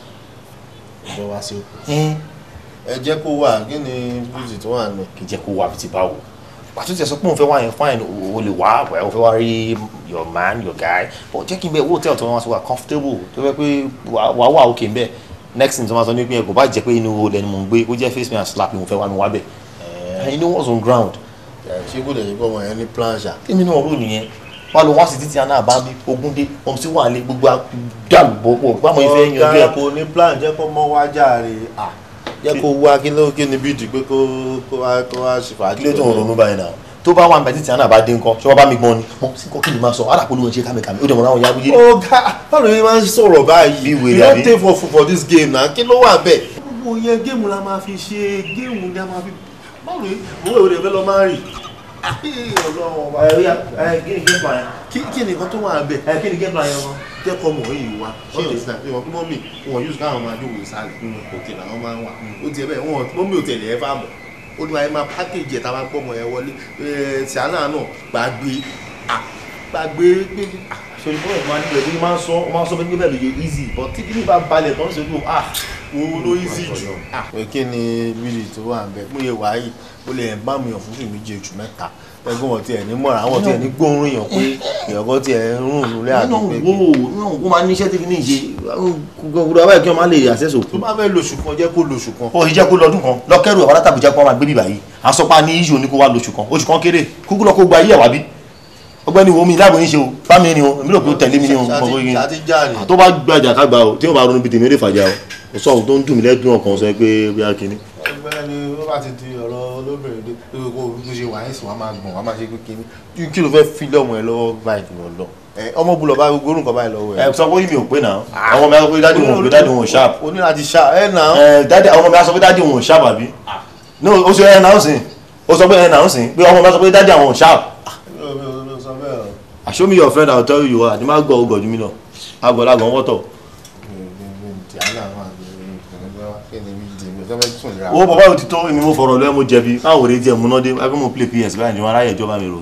ọjọ́ wa sí òkú. ẹ jẹ́ kó wà kí ni bíjì tó wà nù. kì í jẹ́ kó wà bíjì báwo pàtó tiẹ̀ sọ pé òun fẹ́ wá yẹn fine o lè wá àbọ̀ ẹ̀ o fẹ́ wá rí your man your guy but jẹ́ kí n bẹ owó tẹ̀ ọ̀tọ̀ wọn sọ wà comfortable tó fẹ́ pé wàá wà òkè ń next thing tó máa sọ ní pé kò bá jẹ́ pé inú wo lẹnu mò ń gbé ó jẹ́ face me and slap me mo fẹ́ wá mi wá bẹ̀ you know what's on ground. ṣé kò lè ní bọ́ wọn yẹn ní plan ṣá. kí ni wọn rò nìyẹn wọ́n lọ wá sí títí àná àbábí ogúndé ohun tí wọ́n lè gbogbo dàlùbọ̀ pọ̀ báwọn ìfẹ́ yanjú ẹ̀. ọ̀gá kò ní plan jẹ́ kó mọ́ wájà rẹ̀ à jẹ́ kó wá kí ló kí ni kó wá kó wá ṣe fàájì. kí ló tó ronú báyìí náà tó bá wà nípa àná àbá dé ńkọ́ ṣé wọ́n bá mi gbọ́n ni mo sì kọ́ kí ni máa sọ ara polówó ṣe kàmìkàmì ó dẹ̀ mọ́ láwọn yàgò yé. báwo ni máa ń sọ̀rọ̀ báyìí you don take for for this game na kí ló wà bẹ́ẹ̀. gbogbo yẹn géèmù la máa fi ṣe géèmù ni a máa fi báwo ni ọlọ́wọ́ wa ẹ kí ni game plan yẹn. kí ni nǹkan tó wà bẹ́ẹ̀. ẹ kí ni game plan yẹn wọn. jẹ́kọ̀ mọ̀ èyí wa ṣé o ti sàn pé wọn kí mọ́mì wọn yóò káwọn máa dùn wòye sálẹ̀ òkè làwọn máa ń wà mm. ó ti ẹ bẹ́ẹ̀ wọn mọ́mì ò gbàgbé gbàgbé so ní fúnra ìfúnra níbẹ̀ ní máa ń sọ máa ń sọ pé bẹ́ẹ̀ ló yẹ easy but tí oh, ah, oh, oh, ah. kí ní bá balẹ̀ tó ń ṣe ojú ah owó ló easy jù. òkè ni rírì tó wà ń bẹ mo yẹ wáyé ó lè bá mi yàn fún sùn méje jù mẹ́ta ẹgbẹ́ wọn tiẹ̀ ní mọ̀ra àwọn tiẹ̀ ní gbóòórùn yàn pé ìyọ̀kọ́ tiẹ̀ ń rùn lulẹ̀ àti pé. nínú wo nínú wo máa níṣẹ́ tí kì í ní ṣe gbogbo abáyé kí wọ́n máa lè àṣẹ́sọ. tó bá fẹ́ lóṣù kan jẹ́ kó lóṣù kan. ó jẹ́ kó lọ́dún kan lọ́kẹ́rù ọ̀pá látàbí jẹ́ kó máa gbé bíbá yìí àsọpá ní yíyó ni kó wá lóṣù kan oṣù kan kéré kúkú lọ kó gba ayé ẹ̀ wá bí ọgbẹ́ni wo mi láàbò yín ṣe o bá mi ni o èmi ló kó tẹ̀lé mi ni o mọ̀ bóyá yín tó bá gbàjà ká gbà o tí yóò bá ronú bíi tèmi lè fàjà o sọ ohun tó ń dùn mí lẹ́dùn ọkàn sọ pé bóyá kínní. ọgbẹ́ni ó bá ti di ọ̀rọ̀ olóbìnrin dé pé kó o bí ṣe wà ní sùn wàá máa gbọ̀n wàá máa ṣe kíkíní kí ló fẹ́ fi lọ́mọ ẹ lọ́wọ́ báyìí lọ́lọ́ ọmọ bulọ bá gbogbo nǹkan báyìí lọ́wọ́ ẹ. ẹ sọ pé mi ò pé náà àwọn ọmọ mi á wọn pé dáàdi wọn ò o ní láti ṣá ẹ náà. ẹ dáàdi àwọn ọmọ mi á sọ pé dáàdi wọn ò àbí. o sọ ẹ náà sìn o sọ pé ẹ náà sìn pé ọmọ mi á sọ pé dáàdi àwọn ò show me your friend i will tell you you are ni ma gbọ́ ọgọ̀ ju mi lọ agbọ̀lagbọ̀ wọ́tọ̀. owó bàbá yóò ti tó èmi mo fọ̀rọ̀ lọ́wọ́ mo jẹ̀bi báwo rèé jẹ́ múná dé wáyé mo play ps báyìí ni wọn aráyè ìjọba mi rò ó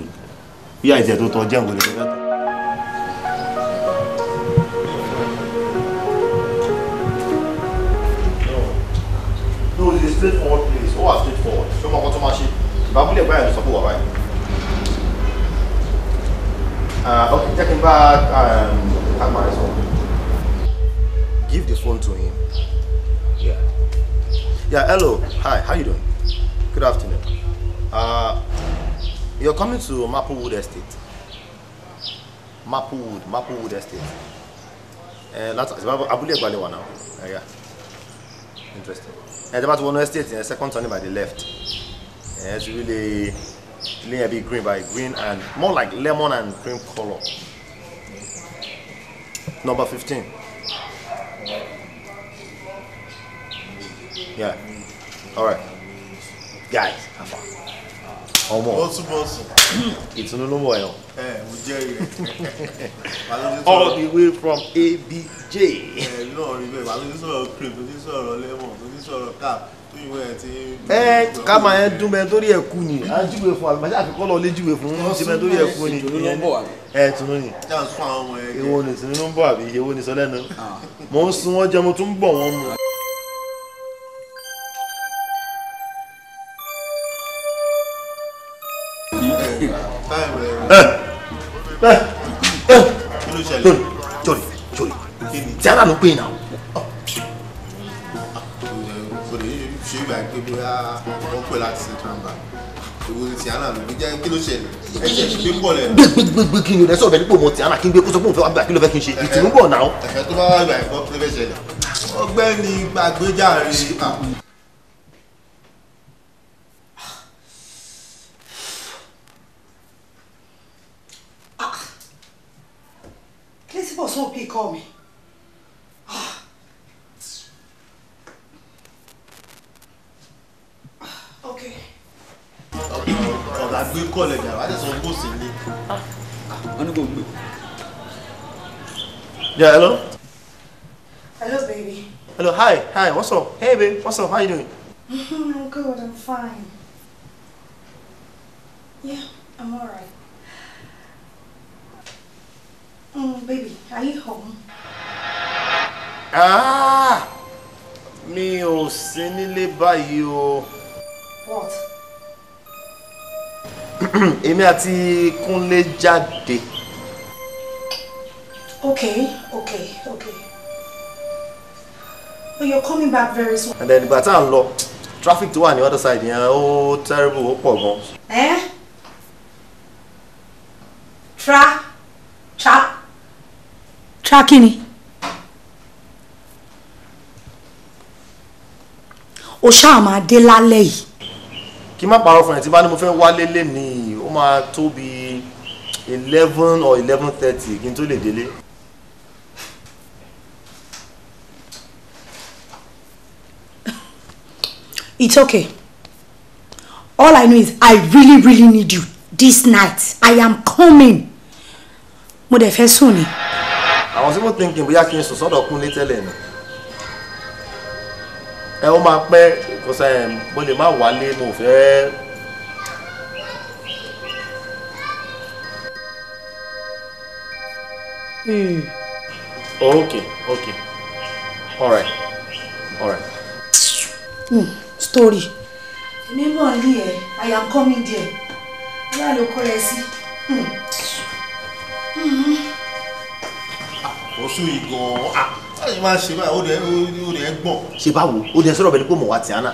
bí àìsàn tó tọ́ jẹ́ nǹkan tó fẹ́ tọ́. no straightforward place ó straightforward ṣé o mọ ọkọ tó máa ṣe ìbámúlẹ̀ báyìí ló sọ pé wà báyìí. Uh, okay, take him back and have my phone. Give the phone to him. Yeah. Yeah, hello. Hi, how you doing? Good afternoon. Uh, you're coming to Maplewood Estate. Maplewood, Maplewood Estate. Eh, that's Abule Gwalewa now. Uh, yeah. Interesting. Eh, and about one estate in eh, the second turning by the left. Uh, it's really a green, by green and more like lemon and cream color. Number 15. Yeah. All right. Guys, ọmọ ìtùnú ló wọ̀ It's eh? Eh, *laughs* all the way from abj. ẹ náà rí bẹ́ẹ̀ bàbá this is cream lemon, this is mi cap. ẹ ká máa yẹn dún bẹ́ẹ̀ torí ẹ̀ kú ni à ń júwe fún àlùbáṣà àfikọ́ lọ lé júwe fún un ti bẹ́ẹ̀ torí ẹ̀ kú ni ẹ tunu ni èwo ni tunu ló ń bọ̀ àbí èwo ni sọlẹ́nu mò ń sun wọ́n jẹ mo tún ń bọ̀ wọ́n mu. jọ̀rì jọ̀rì jàrá ló pè náà. gbà pé bóyá wọ́n pè láti central bank èwo ni Tihana ló ní jẹ́ kí ló ṣẹlẹ̀ ẹ̀jẹ̀ gbé pọ̀ lẹ̀. gbégbégbé kí ni o lẹ́sọ̀ bẹ́ẹ̀ dípò mọ Tihana kí n gbé kó sọ pé òun fẹ́ wá gbà kí ló fẹ́ kí n ṣe ìtùnú bọ̀ náà. ẹ̀fẹ̀ tó bá wà gbà ẹ̀kọ́ tó fẹ́ ṣẹlẹ̀ ọgbẹ́ni gbàgbéjáre ah. ah. Kí ló ti bọ̀ sóun pí ikọ́ mi? yeah hello. hello baby. hello hi hi what's up hey babe what's up how you doing. Mm-hmm, i'm good i'm fine. yeah i'm alright. Mm, baby are you home. Ah! me ò sí nílé you? what. *clears throat* èmi àti Kúnlé jáde. okay okay okay but you're coming back very soon. and then ìgbà tá à ń lọ traffic tó wà ní other side yẹn ó terrible ó pọ̀ gan. ẹ́ eh? tra tra tra kí ni. o ṣáà máa dé lálẹ́ yìí kí má parọ́ fún ẹ̀ tí bá ní mo fẹ́ wálé lénìí ó máa tó bí eleven or eleven thirty kí n tó lè délé. It's okay. All I know is I really really need you this night. I am coming. Mo dẹ̀ fẹ́ sùn ni. I was even thinking bóyá kí n sùn sọ́dọ̀ kún ní tẹ́lẹ̀ ni. Ẹ ó máa pẹ́ kọsá ẹ mo lè má wálé mo fẹ́. Hmm. ok ok alright alright. Mm, story. èmi bọ̀ ní ẹ̀ I am coming there ọlá ló kọ́ ẹ sí. ó sún yìí gan-an sáyé máa ṣe báyìí ó dẹ̀ ó dẹ̀ gbọ̀n. ṣe báwo ó dẹ̀ sọ̀rọ̀ bẹ́ẹ̀ ni pé mo wá Tiana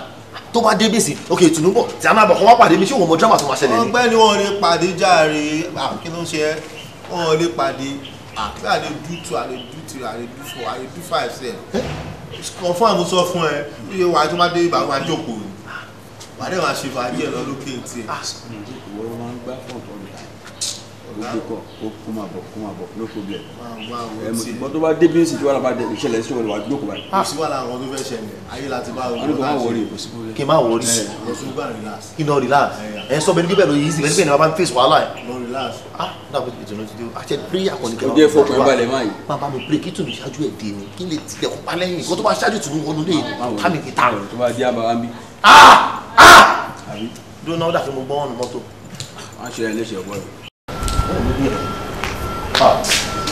tó bá dé bèsì ok Tinubu Tiana bọ̀ kọ́ wá pàdé mi ṣé òun mọ drama tó máa ṣẹlẹ̀ ni. ọgbẹ́ni wọn lè pàdé jàre kí ló ń ṣe wọn lè pàdé àlè do two àlè do three àlè do four àlè do five sef confam mo sọ fún ẹ iye wa tó máa dé ibà máa jókòó wàá dẹ̀ máa ṣe fàájì ẹ̀ lọ lókè ah, ntì ó gbé kọ ó kó máa bọ̀ kó máa bọ̀ no problem ẹ mọ̀ ṣùgbọ́n tó bá débi ní ìsìnkú wàhálà bá dé ìṣẹ̀lẹ̀ sí wọlé wà dúró kó báyìí. kò sí wàhálà àwọn tó fẹ́ ṣẹlẹ̀ ayé láti bá wọn lọ láti kí n má wọrí kí n lọ relax ẹ sọ bẹ́ẹ̀ ni bíbẹ̀ ló yí sí bẹ́ẹ̀ ni bàbá ń face wàhálà ẹ. lọ relax. ah dàbọ̀ ìdùnnú ti dé o àti prayer kọ́ni kẹ́wọ́n. o jẹ́ fọkàn ẹ balẹ̀ máa yìí. máa bá mi pray kí tùnú ṣáájú ẹ̀ dé ni kí lè tilẹ̀ kópa lẹ́yìn kó tó bá ṣáájú tùnú wọnú lé kámi fi ta. tó bá dé àbáwá ń bí. ah ah. dúró náà ó dà fún mi gbọ́ ọ̀nà mọ́tò. wọ́n á ṣe ẹ léṣe ọgbọ́n rẹ̀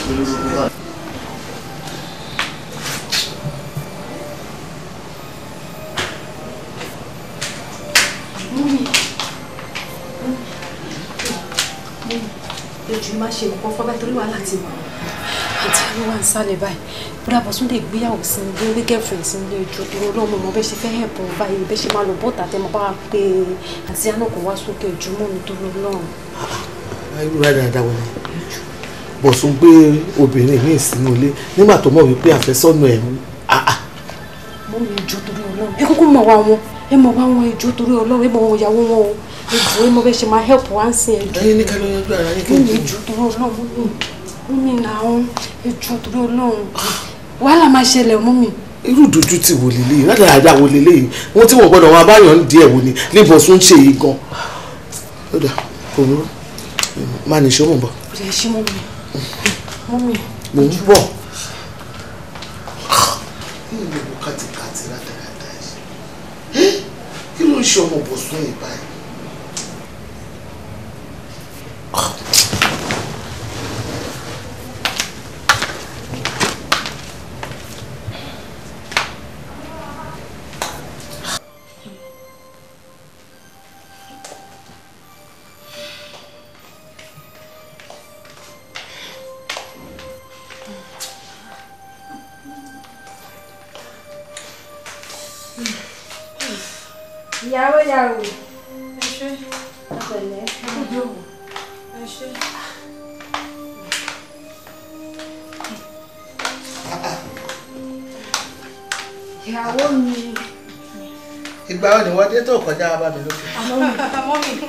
má ṣe nǹkan fọ́ báyìí torí wàhálà ti wà àti àwọn wa ń sálẹ̀ báyìí bóra bọ̀ súnlẹ̀ ìgbéyàwó sí ní gbé girlfriend sí ní ojú dúró lọ́mọ mọ bẹ́ẹ̀ ṣe fẹ́ ẹ̀bùn báyìí bẹ́ẹ̀ ṣe máa lọ bọ́ọ̀tà tẹ́ mọ bá wa pé àti àná kò wá sókè ojú mọ́ mi dúró lọ́rùn. irú rẹ̀ dáadáa bọ̀sùn gbé obìnrin míì sínú ilé nígbà tó mọ̀ wípé àfẹ́sọ́nà ẹ̀ ń àà. Ah, ah. mo ní ìjọ torí ọlọ́run ẹ kúkú mọ̀ wá wọn ẹ mọ̀ wá wọn ìjọ torí ọlọ́run ẹ mọ̀ wọn ìyàwó wọn o ìjọ ẹ mọ̀ bẹ́ẹ̀ ṣe máa help wá ń sin ẹ̀jọ̀. ẹyin ní ká ló yanjú ara yín kéjì. mo ní ìjọ torí ọlọ́run mo ní ìnáwó ìjọ torí ọlọ́run wàhálà máa ṣẹlẹ̀ mú mi irú dojú ti wò lélẹ́yìn ládàáda wò lélẹ́yìn wọn tí wọn gbọ́dọ̀ wọn abáyọ ń díẹ̀ wò ni níbọsùn ń ṣe yìí gan. ó dà òwúrọ̀ má ní ṣó mọ̀ bọ̀. ó yẹ ṣé mọ̀ mi mọ́mí mo ń bọ̀. kí ni gbogbo kàtìkàtì rádaràda yìí kí ló ń ṣe ọmọ bọ̀sùn yìí báyìí. kọjá bá mi lókè. mọ́mí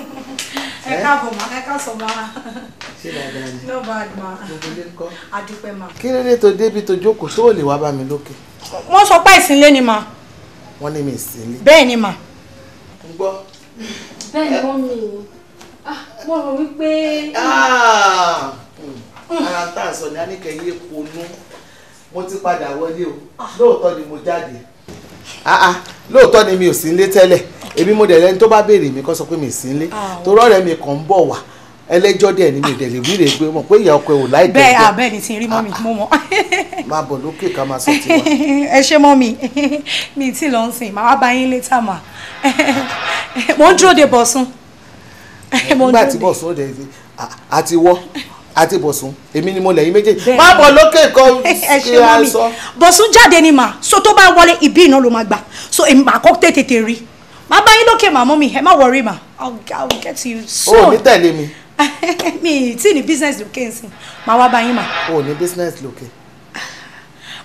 ẹ káàbọ̀ máa ẹ káàsọ̀ máa. ṣé dáadáa ni no bad ma adúpẹ́ ma. kí ló dé tó débi tó jókòó sóò lè wá bá mi lókè. wọ́n sọ pé ìsinlé ni ma. wọ́n ní mi ìsinlé. bẹ́ẹ̀ ni ma. n gbọ́. bẹ́ẹ̀ ni wọ́n eh? mi ah, mo rò wípé. Ah! Hmm. ara tá a sọ ní anike yé ponú mo ti padà wọlé o ah. lóòótọ́ ni mo jáde lóòótọ́ ni mi ò sí nílé tẹ́lẹ̀ èmi mo dẹ̀ lẹ́ni tó bá béèrè mi kó sọ pé mi sí nílé ah, oh. torọ́ rẹ̀ mi kàn ń bọ̀ wá ẹlẹ́jọ́ díẹ̀ ní mi dẹ̀ lè wíre pé mọ̀ pé ìyá ọkọ ò láì dẹ̀ bẹ́ẹ̀ abẹ́ ah, ni ti rí mọ́mì ah. mo mọ̀. máa bọ̀ lókè ká máa sọ tiwa. *laughs* ẹ ṣe mọ́mì *laughs* mi tí lọ ń sìn màá bá yín létà mà *laughs* mo ń dúró de bọ̀sùn. nígbà tí bọ̀sùn ó dẹ̀ àti wọ́ àti bọ̀sùn èmi ni mo lẹ̀yìn méjèèjì má bọ̀ lókè kan ṣe à bọ̀sùn jáde ni mà so tó bá wọlé ìbí iná ló máa gbà so èmi mà kọ́ tètè rí màá bá yín lókè màá Mommy, ẹ má worry ma i will get you soon. Oh, ò ní tẹ̀lé mi. *laughs* mi tí ní business lókè ń sìn màá wá bá yín ma. o ò business lókè.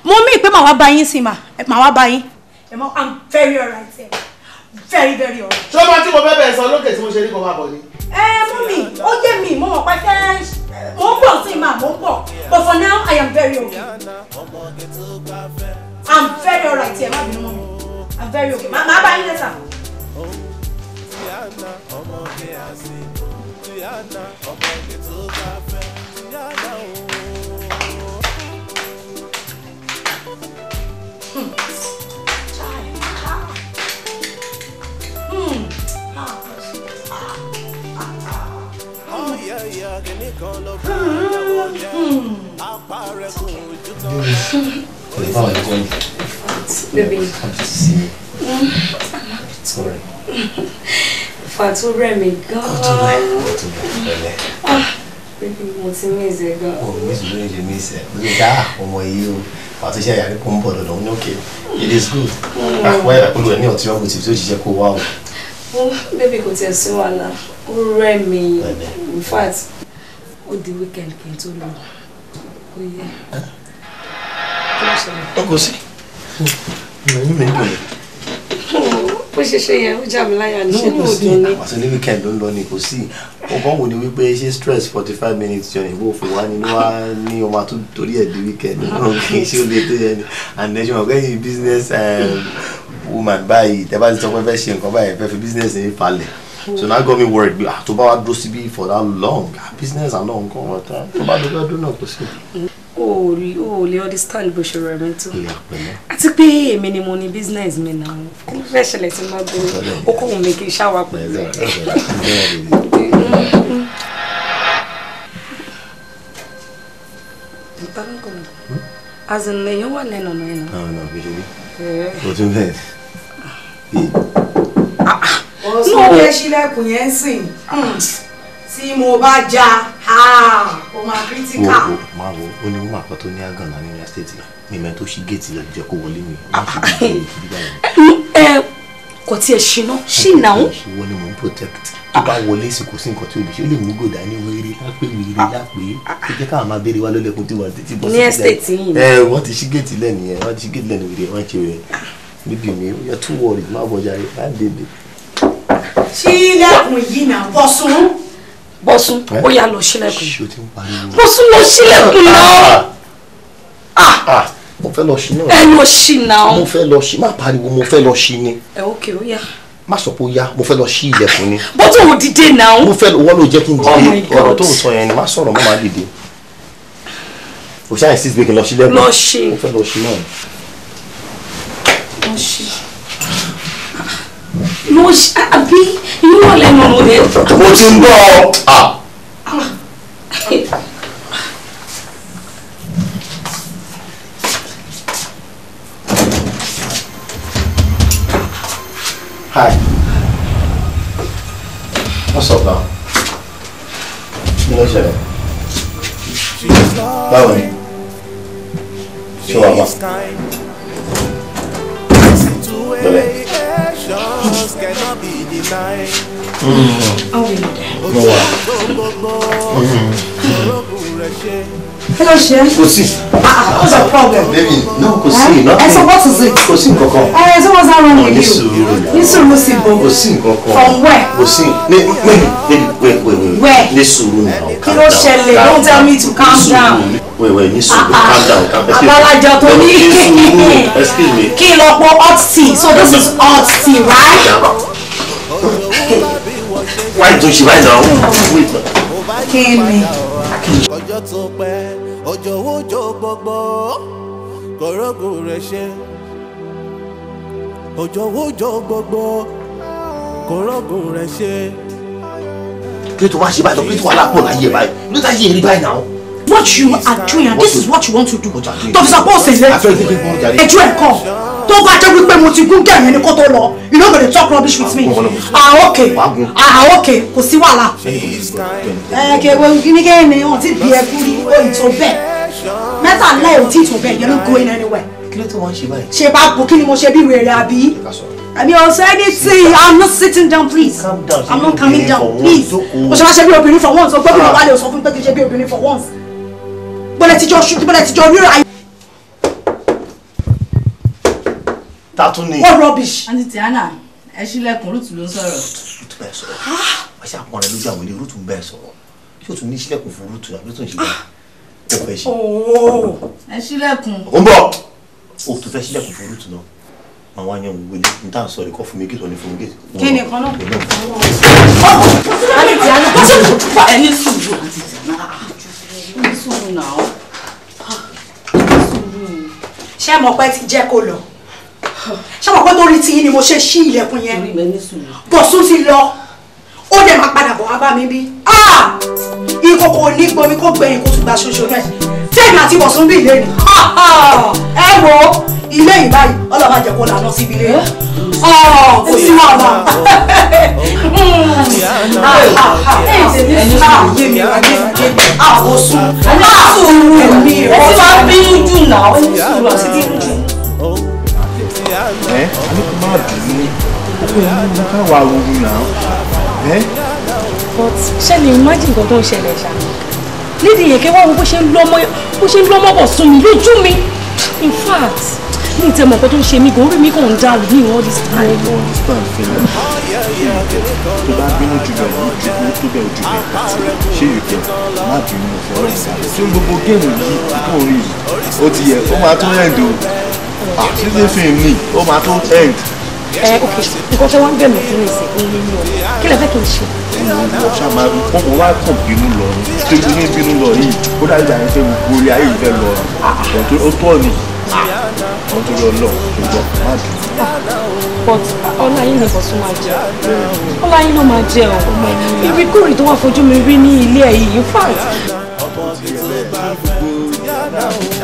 Mommy, pé màá wá bá yín sí ma màá wá bá yín. ẹ mọ i'm very alright ẹ eh. very very alright. ṣé o máa tí mo fẹ́ bẹ̀rẹ̀ sọ lókè tí mo ṣe ní kò máa bọ̀ ni. ẹ mummy ó yé mi mo mọ̀ pé fẹ́ẹ́ mo ń bọ̀ ma mo ń but for now i am very okay i'm very alright ẹ eh. má bínú mọ́ mi i'm very okay màá bá yín later òun Diana ọmọge àsìkò Diana ọmọge tó bá fẹ́ Diana òun. Baby, how are you going? Baby, I'm just seeing Sorry. Fatu Remi gan. Ah, mo ti miss ẹ gan. O oh, miss mi lè miss ẹ. Mo lè dá ọmọ yìí o. Fatu ṣe àyàrí kò ń bọ̀ lọ́dọ̀ It is good. Mm. Àpò why are you ní ọ̀tí ọ̀gùn tìbí tó ṣiṣẹ́ kó wá o. Oh, Bébí kò tiẹ̀ sí wàhálà. Ó rẹ̀ mi. In fact, ó di weekend kí n tó lọ. Ó yẹ. Ó kò sí. Ìyàwó mi ń bọ̀ yẹn bó ṣe ṣe yẹn ó jà mí láyà níṣẹ́ ní òde ni. àti ní weekend ló ń lọ ni kò sí ọgbọ́n wo ni wípé ṣé stress forty five minutes journey bó fò wá nínú wá ní ọmọ àti torí ẹ̀ di weekend ah. náà kì í ṣe ó lè tó yẹn ni and then ṣe wọn kẹ́yìn business um, woman báyìí tẹ́ bá ti sọ fẹ́ ṣe nǹkan báyìí fẹ́ fi business yẹn falẹ̀ so now got me worried bí àtúbáwá ah, dúró síbí for that long ah, business and long kan wọ́n tán tó bá dúró dúró náà kò sí o ò lè understand bó ṣe rẹ̀ mi tó àti pé èmi ni mo ní business mi náà kí ló fẹ́ ṣẹlẹ̀ tí mo gbé okòwò mi kì í ṣàwà pẹ̀lú ẹ̀. as in wà lẹ́nu ọ̀nà náà. náà náà bí ṣe rí eh. o tún bẹ́ẹ̀ sí. Ah, ah. ó sún ọ́ ṣílẹ̀kùn yẹn sìn hmm. tí mo bá já. Ah, ó máa critical. wo máa wo ó ní wúmà kan tó ní àgànná ní United States to tó ṣí géètì lọ jẹ kó wọlé mi má ṣe bí ìgbà yìí bí báyìí. kò tiẹ̀ ṣìnà ṣìnà ó. ìwọ ni mò ń protect tó bá wọlé ìsìnkú sí nǹkan tí olùṣe ó lè mú gòdà ní wéré lápé wéré lápé ó jẹ́ káwọn máa béèrè wá lólè kún tí wọ́n ti ti bọ́ sí ìgbà ẹ wọ́n ti ṣí géètì lẹ́nu yẹn wọ́n ti ṣí géètì lẹ́nu wéré wọ́n ti rẹ̀ níbi mi yẹ tún wọ̀rì má bọ̀ jáde má délé. ṣí ilẹ̀kùn yìí náà bọ́ bọ́sún eh? ó yà lọ sílẹ̀kùn bọ́sún lọ sílẹ̀kùn ah, ah. ah. náà mo fẹ́ lọ sí náà ẹ lọ sí náà mo fẹ́ lọ sí má pariwo mo fẹ́ lọ sí ni ẹ eh, ok ó yà má sọ pé ó yá mo fẹ́ lọ sí ilẹ̀kùn ni. bó tó o dìde náà. mo fẹ́ wọ́n ló jẹ́ kí n oh dìde ọ̀rọ̀ tó ń sọ yẹn ni má sọ̀rọ̀ má má dìde o ṣáà insist lọ sí lọ sí mo fẹ́ lọ sí náà. lọ sí mo àbí irú ọ̀lẹ́ mọ̀ mo lè. mo ti ń bọ̀ ọ́. Hi. What's up now? You know, Shelly. Báwo ni? Ṣé wàá wá? Bẹ̀rẹ̀. Just cannot be denied. Mm. Oh, yeah. Mo wà. Mm kí ló Kosi, kò ah, ah, what's your problem. baby no Kosi, sí eh? nothing. ẹ eh, sọ what is it. Kosi, sí nǹkankan. ẹ eh, sọ what's wrong with you. ní sùúrù ní sùúrù from where. Kosi, sí ní wait wait wait wait. where. ní sùúrù náà calm don't tell me to calm down. wẹ̀wẹ̀ ní sùúrù ah, calm down calm down. abalajọ tó ní Kilo, lọ hot tea so this is hot tea right. why don't you why now. kí ni. ọjọ́ tó pẹ́ òjò wújò gbogbo kòrógùn rẹ̀ ṣe òjò wújò gbogbo kòrógùn rẹ̀ ṣe. kí tó wá ṣe báyìí kí tó wá lápò láyé báyìí ló dá yé rí báyìí náà. What you are doing and this is what you want to do. Tọ́físà Paul ṣe ṣe ẹjọ́ ẹ̀kọ́ tó bá jẹ́ wípé mo ti gún kẹ̀mí ní kó tó lọ go dey talk rubbish with me ah okay ah, ah okay kò wala. wàhálà. ẹ kẹ wo gíníkẹ́ ni wọn ti bí ẹkú rí oyin oh, tó bẹ́ẹ̀ mẹ́tàlá ẹ̀ ò tí tó bẹ́ẹ̀ you no going anywhere. kí ló tó wọ́n ṣe báyìí. ṣe bá bu kí ni mo ṣe bí wèrè àbí. I mean, also anything. I'm not sitting down, please. Calm down. I'm not coming down, please. But ṣe máa ṣe bí obìnrin for once. Ọgbọ́n talking about wálé o sọ fún mi pé kí n ṣe for once. But let's just shoot. But let's just rírà ayé. Ta What rubbish? And it's Anna ẹ ṣílẹ̀kùn rúùtù ló ń sọ̀rọ̀. rúùtù bẹ́ẹ̀ sọ̀rọ̀ wọ́n ṣe àpọ̀nrẹ́ lójú àwọn ilé rúùtù bẹ́ẹ̀ sọ̀rọ̀ yóò tún ní ṣílẹ̀kùn fún rúùtù àbí tó ń ṣe bẹ́ẹ̀ fẹ́ ṣe. ẹ ṣílẹ̀kùn. ó ń bọ̀ o tún fẹ́ ṣílẹ̀kùn fún rúùtù náà màá wá yan gbogbo n tá ń sọ̀rọ̀ ikọ́ fún mi kìtọ̀ ní fún mi kìtọ̀. kí ṣé mo pẹ́ ti jẹ́ kó lọ ṣáwọn pé torí tí ni mo ṣe ṣí ilẹ̀kùn yẹn bọ̀sùn ti lọ ó dẹ̀ máa padà bọ̀ wá bá mi bí ah! ìkòkò ní gbomi kó gbẹ̀yìn kó tún gba ṣoṣo náà tẹ́ẹ̀mì àti bọ̀sùn bí ilé ni ah! ẹ wo ilé yìí báyìí ọlọ́ba jẹ́ kó lànà síbi ilé ah! kò sí wàhálà hmm. ẹni sọ yé mi adé àwòsùn ẹni sọ ẹmí rẹ ọba bínú jù náà ó ní sùúrù ọsibí rẹ ẹ àníkù máa bínú ó pé inú mi ká wà ooru náà ẹ. but ṣẹ́ni imagine nǹkan tó ń ṣẹlẹ̀ ṣá nídìí yẹn kí wọ́n wo bó ṣe ń lọ́mọ bó ṣe ń lọ́mọ bọ̀ sún mi in fact ní ìtẹ̀mọ̀ nǹkan tó ń ṣe mí gan orí mi kàn ń dàrú ní all this time. I don't understand fẹ́lẹ̀ tó bá bínú jù bẹ̀ ní ju kó tó bẹ̀ ojú bẹ̀ àti ṣé yóò jẹ má bínú ọ̀rọ̀ ìsàlẹ̀ tí ó gbogbo géèmù yìí kúkú orí yìí ó ti yẹ ó máa tó rẹ̀ ń dò sísè fíìmù ni ó máa tó end. ẹ ok nǹkan tó wá ń bẹ̀rù fún mi sí oyin ni o kí lè fẹ́ kí n ṣe. mo ṣàmà ọmọ wa kàn bínú lọ tí mo ní bínú lọ yìí ó dájú àyè pé mo gorí ayé ìfẹ́ lọ ọ̀tún ó tọ̀ ni ọ̀tún lọ lọ ṣùgbọ́n má dùn. but ọlá yín nìkan tún máa jẹ ọlá yín ló máa jẹ ọ ìrìkúrì tó wà fojú mi rí ní ilé ẹ yìí in fact. ọmọ tuntun bá gbogbo yàrá òun.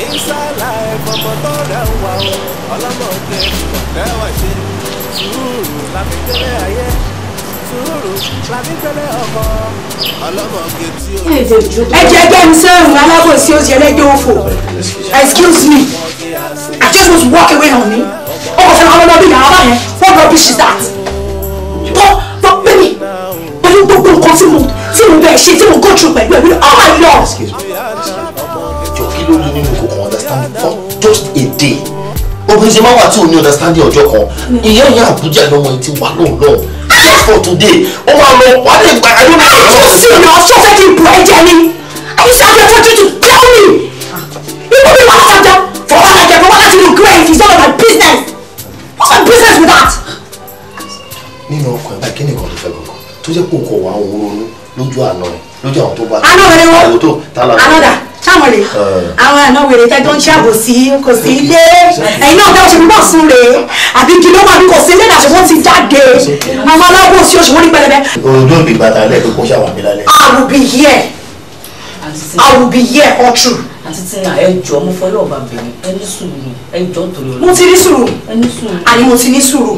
inside life ọmọ tó rẹwà o ọlọ́mọdé rẹwà ṣe sùúrù láfi tẹ́lẹ̀ ayé sùúrù láfi tẹ́lẹ̀ ọkọ ọlọ́mọdé tí o. ẹ jẹ́ ẹgbẹ́ mi sẹ́rùn alábòsí ó jẹ́ ẹlẹ́jọ́ òfò excuse me I just want to walk away from me ó kò fẹ́ ọmọ náà bí yàrá báyẹn what rubbish is that tó tó pé mi pẹ̀lú gbogbo nǹkan tí mo tí mo bẹ̀ ṣe tí mo go through pẹ̀lú ẹ̀mí oh my lord. jọ stand just a day obìnrin ṣe máa wà tí o ní understanding ọjọ́ kan ìyá ìyá àbújá lọ́mọ ẹ ti wà lóun náà just for today ó máa lọ wà lè gba àyè náà. àyè tó sì lọ ṣọ́ fẹ́ kí n bu ẹ̀jẹ̀ ni i was out there you to tell me you put me one sanda for one hundred for one hundred grades it's none of my business what's my business with that. nínú ọkọ ẹ báyìí kí ni ìkànnì fẹ́ gbọ̀ngàn tó jẹ́ kó o kọ̀ wá òun ronú lójú àná ẹ̀ lójú àwọn tó bá tó àwọn tó tálà lọ́dà sáwọn rè àwọn àna wèrè tẹjọ ń ṣàbò sí kò sí ilé ẹ̀yin náà bẹ́ẹ̀ ṣe ń bọ̀ sún rè àbí kí ló wà ní kò sí ilé ìdàṣẹ wọn ti jáde àwọn aláwọ sí oṣù wọn ní pẹlẹbẹ. ojú òbí bàtà alẹ́ tó kó ṣàwọn àbí lálẹ́. I will be here I will be here all through. àti tí náà ẹjọ́ mo fọlọ́ ọba bẹ̀rẹ̀ ẹni sùúrù ẹjọ́ torí ọlọ́run. mo ti ní sùúrù àní mo ti ní sùúrù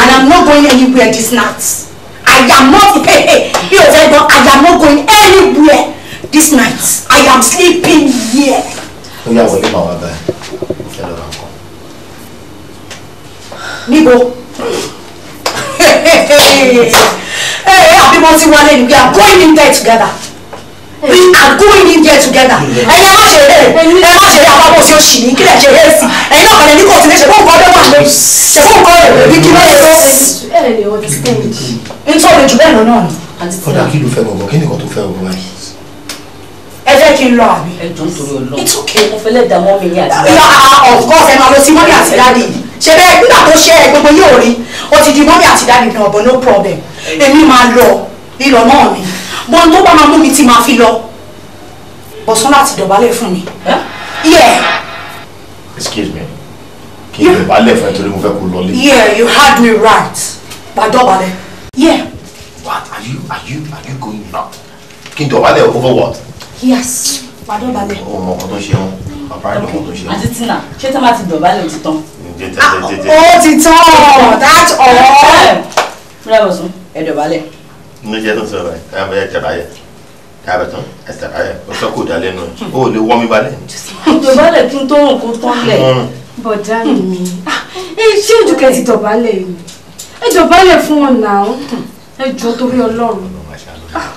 and I'm not going anywhere this night. I am not hey, hey, bí o fẹ́ I am not going anywhere this night I am sleeping here. ó yà wọlé màá wá báyìí mo fẹ́ lọ ra nǹkan. níbo àbí mo ti we are going in there together we are going in there together ẹ̀yin ọmọ ṣe rẹ̀ ẹ̀ má ṣe rẹ̀ àwọn ọmọ òṣèlú ṣì ní kílẹ̀ ṣe rẹ̀ sí ẹ̀yin náà kàn lè ní kóòtù ní ṣẹ̀fọ́n nǹkan ọdẹ wà lórí ṣẹ̀fọ́n nǹkan ọ̀rẹ́ bí kí lóye tó ṣe. ẹ lè understand. nítorí jù bẹ́ẹ̀ náà ni. ọ̀dà kí ló fẹ́ gbọ̀ngàn kí nìkan tó fẹ́ gbọ̀ngàn yìí. ẹ jẹ́ kí n lọ àbí. ẹ jọ nítorí ọlọ́run. it's okay. mo fẹ́ lẹ́dàá mọ́ mi ní àdìgbà ṣe ah, ah, bẹ́ẹ̀ nígbà tó ṣe ẹ gbogbo yóò rí o ti di mọ́mí àti dáàbì náà bọ̀ no problem èmi máa lọ lílọ náà ni bọ́ tó bá máa mú mi tí máa fi lọ bọ̀sán láti dọ̀bálẹ̀ fún mi. excuse me kí n dọ̀bálẹ̀ fún ẹ torí mo fẹ́ kó lọlé. yeah you had me right gba dọ̀bálẹ̀. yeah. what are you are you are you going now kí n dọ̀bálẹ̀ over what. yes gba dọ̀bálẹ̀. o mọ ọkọ tó ṣe wọn bàbá rẹ lọkọ tó ṣe wọn. àti tina ṣé tí wọn bá ti dọ̀bálẹ̀ o ti ah, ti tán that's all. rẹ bọ̀sán ẹ dọ̀bálẹ̀ ní jẹ́ tó ń sọ̀rọ̀ ẹ̀ ẹ̀ ẹ̀ tẹ̀báyà tàbẹ̀tàn ẹ̀ tẹ̀báyà ó sọ kò dá lẹ́nu ẹ̀ lè wọ́n mi balẹ̀. dọ̀bálẹ̀ kí n tó rùn kó tán lẹ̀. Hmm. bọ̀dá mi hmm. ah, ṣé ojúkẹ́ ti dọ̀bálẹ̀ ni ẹ dọ̀bálẹ̀ fún wọn náà ẹ jọ torí ọlọ́run. Ah,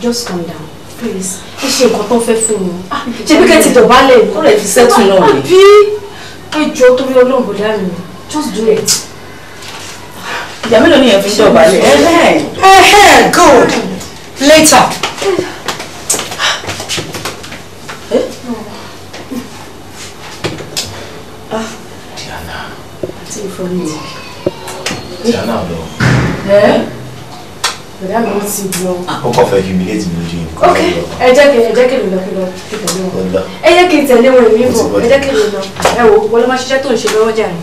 just calm down please ẹ ṣe nǹkan tó fẹ́ fún wọn ah, ṣé bí kẹ́ ti dọ̀bálẹ̀ kó rẹ̀ fi sẹ́tù náà ni. ẹ jọ torí ọlọ́run bọ̀dá mi just do it ìyá mélòó ni yẹn fi ń dọ̀bálẹ̀. good later. Eh? Ah. Diana. Àti ìfọ̀nì o. Diana eh? ah. mi lójú nǹkan. Ok, ẹ jẹ́ kí ẹ jẹ́ kí lọ kí lọ kí tẹ̀lé wọn. Ẹ jẹ́ kí n tẹ̀lé wọn èmi bọ̀, ẹ jẹ́ kí lọ. Ẹ wo, wọlé máa ṣiṣẹ́ tó ń ṣe lọ́wọ́ jà ni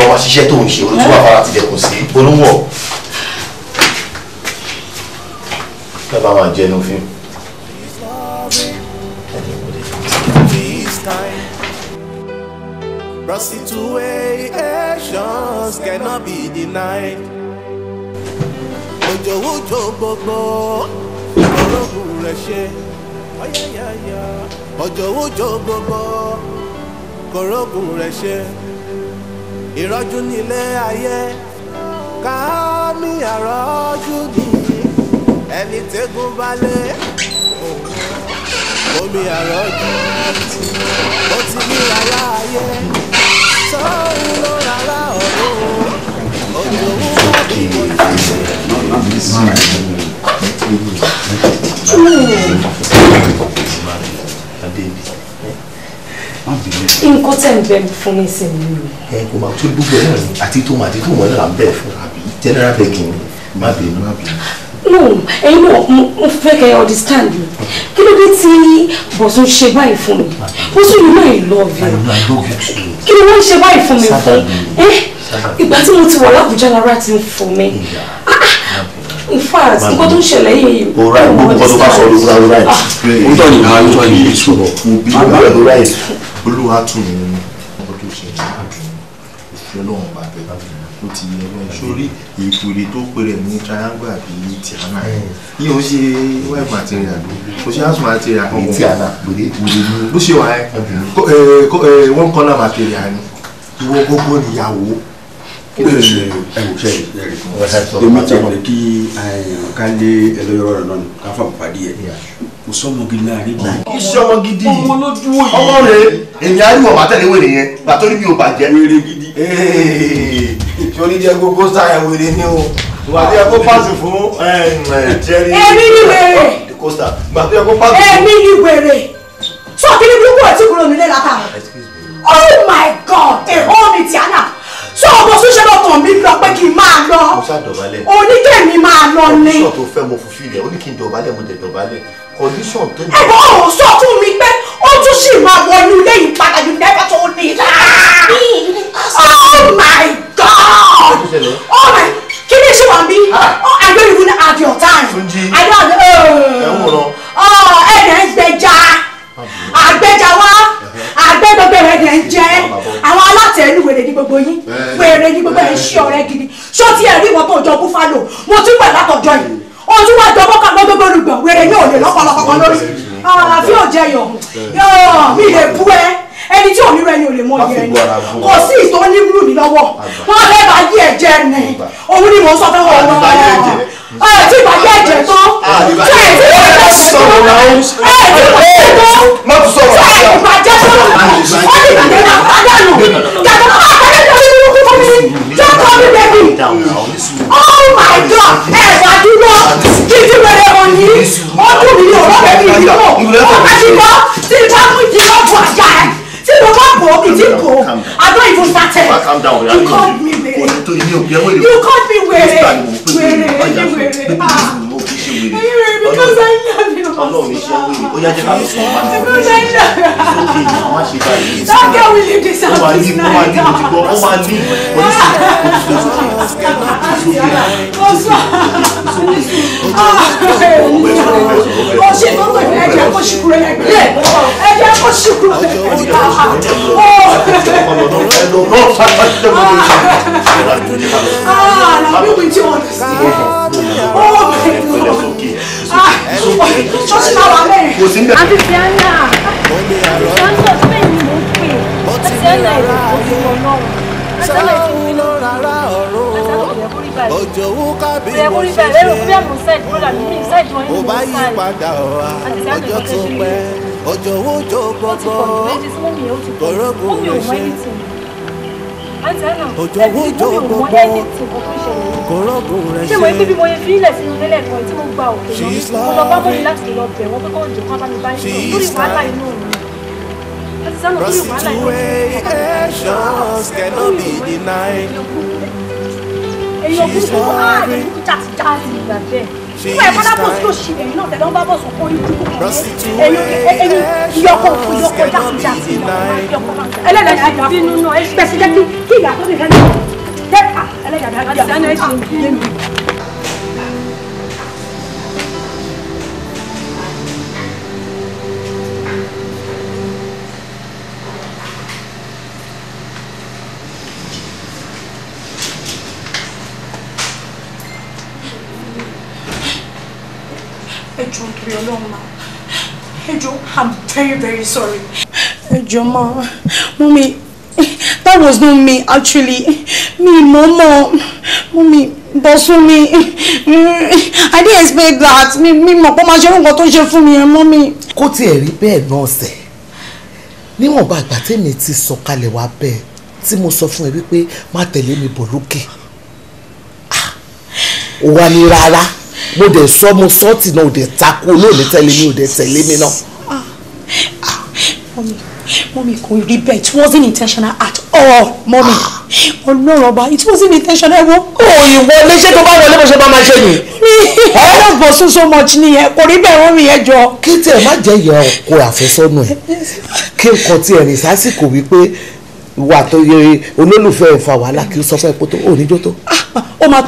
lọ wá ṣiṣẹ́ tó ń ṣe olótú wà fara tilẹ̀kùn sí olówó. dábàá máa jẹ inú fíìmù. Prostituations cannot be denied. Òjòwújò gbogbo ológun rẹ̀ ṣe. Òjòwújò gbogbo kòrógùn rẹ̀ ṣe ìrọ́jú nílé ayé káàmì àrọ́jú nìyí ẹni tẹ́gùn balẹ̀ omi àrọ́jú ó ti ní rárá ayé sọ́ọ́rù ló rárá ọ̀rọ̀ ojú òun bá bí mo ti ṣe. Baby nǹkan tẹ̀ ń bẹ fún mi sí mi o. ẹ kò máa tó gbogbo ẹ̀ náà àti tó máa ti tó máa náà ń bẹ̀ fún àbí general begging má bínú má bínú. no ẹyin náà mo fẹ́ kẹ́ understand mi kí ló dé tí bọ̀sùn ṣe báyìí fún mi ó sì rí náà love you kí ló wọ́n ṣe báyìí fún mi fún ìgbà tí mo ti wà lábújá lára ti ń fún mi ah, ah. in fact nǹkan tó ń ṣẹlẹ̀ yìí o ra ìgbókùn kan tó bá sọ ọdún rárá ẹ̀ o tọ́ ni àwọn ìtọ́ yìí ìṣòro o bí o bá rẹ̀ lóra ẹ̀ olúwa tún mi nínú ọkọ tó ṣe ní àdùn òfin ọlọ́run bá bẹ ló ti yẹ lọ sórí ìpìlẹ̀ tó pèrè ní triangle àbí tiana yìí ó ṣe web material ó ṣe house material kan wọ tiana gbèrè gbèrè ní bó ṣe wà ẹ one corner material ni ìwọ gbogbo níyàwó èmi tẹ̀lé kí ká lé ẹlẹ́yọ̀rọ̀ rẹ̀ náà ká fà pàdé ẹ̀ kò sọmọ gidi náà rí gbà. iṣẹ́ ọmọ gidi yìí ọmọ lójú òye. ọmọ rẹ èmi ariwo ọba tẹ̀lé wèrè yẹn gbà torí mi ò bàjẹ́. wèrè gidi. sori jẹ gbogbo sáyà wèrè ni o gbà tó yẹ kó pàṣẹ fún jẹrí. èmi ni wèrè. gbà tó yẹ kó pàṣẹ fún. èmi ni wèrè sọ kí ni burúkú ẹ ti kúrò nílé látà oh my god ẹ̀họ́ mi tìánà sọ ọmọ sọ́sẹ́ náà tàn mí lọ pé kí n máa lọ oníkẹ́mi máa lọ ni. ọ̀sán tó fẹ́ mo fòfin rẹ̀ ó ní dọ̀bálẹ̀ mo dẹ̀ dọ̀bálẹ̀ condition tó dé. ẹ̀bùn ọ̀hún sọ fún mi pé ó tún sì máa wọ inú padà you never told me that. oh my god oh my kí ni ṣé wàá bí I don't even have your time I don't know ẹ̀ẹ́dẹ̀ oh, ń gbẹja ah, àgbẹja wá àgbẹ̀dọ̀gbẹ̀ rẹ̀ dẹ̀ ń jẹ́ àwọn alátẹ̀ẹ́lú wèrè ní gbogbo yín eh. wèrè ní gbogbo ẹ̀ ń ṣí ọ̀rẹ́ gidi ṣó ti ẹ̀rí wọn tó jọ búfalo mo tún pẹ̀ látọ̀jọ́ yìí ojú wa jọ bọ́kà gbọ́gbọ́gbọ́ olùgbọ̀n wẹ̀rẹ̀ ní òde lọ́pọ̀lọpọ̀ kan lórí ah, àfi òjẹyọ̀ mi lè bú ẹ ẹni tí òní rẹ ni ò lè mọ iye ẹni kò sí ìtò nímúlù ní lọ́wọ́ wọn lè bá yí ẹ̀jẹ̀ ni òun ni mò ń sọ fẹ́ wọn wọn ẹ ah, tí ìbàjẹ́ ẹ̀jẹ̀ tó tí ẹ̀ eh, tí ìbàjẹ́ tó ẹ̀ tí ìbàjẹ́ tó tí ìbàjẹ́ tó ó ní ìbàjẹ́ náà pàdánù kẹ̀kẹ́ don't call me baby. oh my god ẹ wà dúró jíjí wẹrẹ wọn yìí ọdún mi yóò rọ bẹbí yìí mọ ọ bá ti lọ tí n bá mú yìí lọ bọ àjà ẹ tí mo bá bọ ìdí bò àdó ìbò sátẹ you call me wẹrẹ you call me wẹrẹ wẹrẹ wẹrẹ wèrè. because I love you. ọlọ́run iṣẹ́ wèrè ó yá jẹ́ ká lọ sọ wọn. because I love you. ìṣòkè ni àwọn àṣẹ báyìí. don't get will you this out this night. ó máa ní ojú gbọ́ ó máa ní ojú gbọ́. ó ṣe tó ń pè ẹ̀jẹ̀ kó ṣùkúrò ẹ̀jẹ̀ ẹ̀jẹ̀ kó ṣùkúrò ẹ̀jẹ̀. ah, now we with you on this. Oh my God so. ṣọ́ọ̀ṣì máa wà mẹ́rin. kò sí bẹ́ẹ̀. àbíkí anna àbíkí anna bẹ́ẹ̀ ni mò ń pè àti anna ìlú tó fi wọn náà àti anna ìlú tó fi wọn náà òjò wú kábí mo ṣe ṣe ó bá yí padà wá ọjọ́ tó pẹ́ òjò wú jó gbogbo kòrógùn lè ṣe òjò wújò gbogbo kòrógùn rẹ ṣe. ṣé mo ibi bí mo yẹ fi ilẹ̀ sínú nílẹ̀ kan tí mo gba òkè lọ mo lọ bá bọ́ọ̀lù láti lọ bẹ̀ wọ́n pé jù kán bá mi bá yín lọ lórí wàhálà inú mi. Prostitutions cannot be denied. She's loving nígbà ẹ̀kọ́ náà bọ̀ sí òṣìṣẹ́ yìí náà tẹ̀lé wọn bá bọ̀ sọ fún ìdúró ẹ̀yìn ìyọkọ̀ ìyọkọ̀ jákèjádé ẹlẹ́dàá ti bínú náà ẹ̀ pẹ̀sì jẹ́ kí ìyá tó ti fẹ́ náà tẹ́ka ah, ẹlẹ́dàá ti bínú náà. very very sorry. ẹ mommy, that was not me actually me, mọ̀ mommy, mummy bọ̀sùn mi i didn't expect that Me, me, my pé máa ṣe nǹkan tó ṣe fún mi mommy. mọ́ mi. kó tiẹ̀ rí bẹ́ẹ̀ náà sẹ̀ níwọ̀nba àgbà tèmi ti sọ̀kalẹ̀ wá bẹ́ẹ̀ tí mo sọ fún ẹ wípé má mi bọ̀ Ah, ó wá ní rárá mo dẹ̀ sọ mo sọ́ọ̀tì náà ò dẹ̀ takú olóòní tẹ̀lé mi ò dẹ̀ tẹ̀lé mi náà mọ́mí *sighs* mọ́mí kò rí bẹ́ẹ̀ it wasn't intentional at all Oh *sighs* no, ọba it wasn't intentional Oh, you want ṣé tó bá wọlé bó let me show ṣe ni. ọ̀rọ̀ *laughs* bọ̀ so so much niye. kò rí bẹ́ẹ̀ wọ́n mi yẹn jọ. kí tiẹ̀ má jẹ́ ìyá ọkọ àfẹ́sọ́nù ẹ̀ kí nǹkan tiẹ̀ rìn sásìkò wípé wà tó yẹ olólùfẹ́ ìfà wàhálà kí o sọ fún ẹ kó tó ò ní jó tó. Ah, ó máa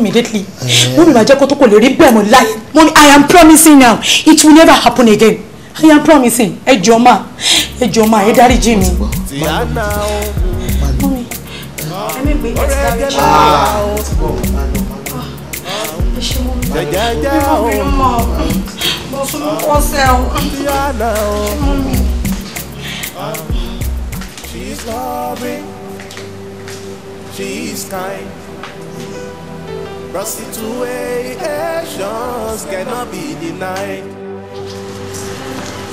immediately eh. mo ní máa jẹ́ kó tó kò lè rí mo láyé mo I am promising now it will never happen again. I am promising ah. ẹ jọ̀ọ́ ma ẹ jọ̀ọ́ ma ẹ dáríjì oh. mi. Oh. She's loving, she's kind. Prostitution cannot be denied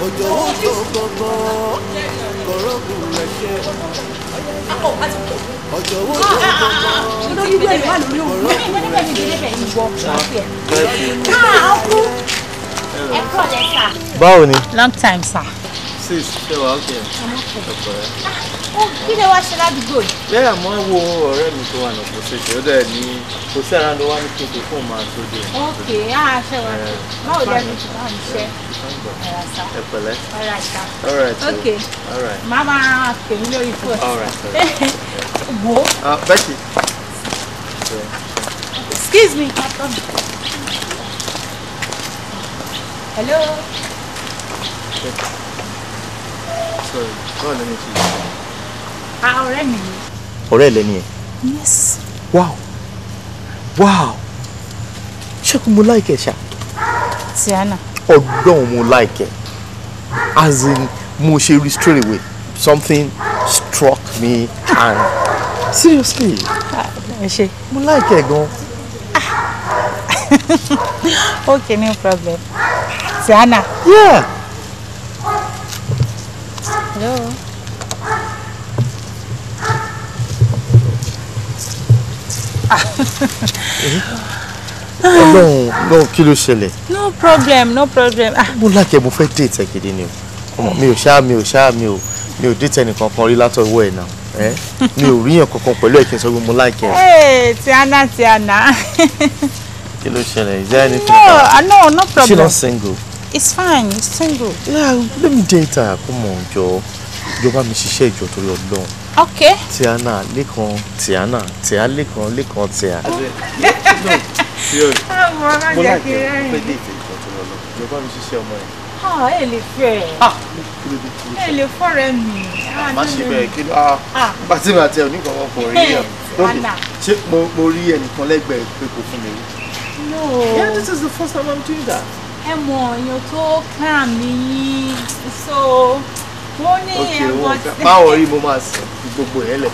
òjò ó tó gbọ̀ngàn kọ̀rọ̀gùn rẹ̀ ṣe. òjò ó tó gbọ̀ngàn kọ̀rọ̀gùn rẹ̀ ṣe. báwo ni. long time sir sis ṣe wà ókè ọ̀pọ̀ rẹ̀. kí Yeah, wá ṣe ládùúgbò yìí. bẹ́ẹ̀ mo ń wo ọ̀rẹ́ mi tó wà ní òpósíṣẹ́ ó dẹ̀ ní kò sí ara ló wá ní kí n kò fóun máa tó dé. ok á ṣe wà ní báwo lẹ́nu tí wọ́n ń ṣe. ẹ pẹ̀lẹ́ *laughs* ah, excuse me. hello ọ̀rẹ́ mi ni. ẹ̀ lẹ́ni ẹ̀. yes. wow wow ṣẹ́kun mo láìkẹ́ ṣá. tiana. ọgbọ́n mo láìkẹ́ as in mo ṣe rí straight away something struck me and seriously. mo láìkẹ́ gan. Ah. *laughs* okay no problem. tiana. yeah. Hello? *laughs* Ọlọ́run náà kí ló ṣẹlẹ̀? No problem, no problem. Ah. Mo lákẹ́ mo fẹ́ déètì ẹ̀gidi ni o. Ọmọ mi ò ṣáà mi ò ṣáà mi ò mi ò déètì ẹnì kankan rí látọ̀ ìwọ ẹ̀ náà. Mi ò ríyàn kankan pẹ̀lú ẹ̀kí sọ pé mo láìkẹ́. Ee Tiana Tiana. Kí ló ṣẹlẹ̀? Is there anything? No, ah, no, no problem. She not single. It's fine, it's single. Yeah, let me date her. Come on, jọ̀ọ́. Jọ̀ọ́ bá mi share your torí Ọlọ́run. Okay. Tiana, Lekan, Tiana, Tia Lekan, Lekan, Tia. Bọ́lá *laughs* oh, jẹ́ pé déètì ìjọ torí Ọlọ́run. Jọ̀ọ́ bá mi ṣiṣẹ́ ọmọ ẹ̀. Ah, ẹ lè fẹ́. Ah, ẹ lè fọ́rẹ́ mi. Ah, Má ṣe bẹ̀rẹ̀ kí ló. Ah, bàtí mi àti ẹ̀ oníkọ̀wọ́ kò rí ẹ̀. Ṣé mo rí ẹnìkan lẹ́gbẹ̀ẹ́ pé kò fún mi? No. Yeah, this is the first time I'm doing that ẹ mọ ọyàn tó kàn mí so mo ní ẹ mọ sí. báwo rí mo máa sọ gbogbo yẹn lẹ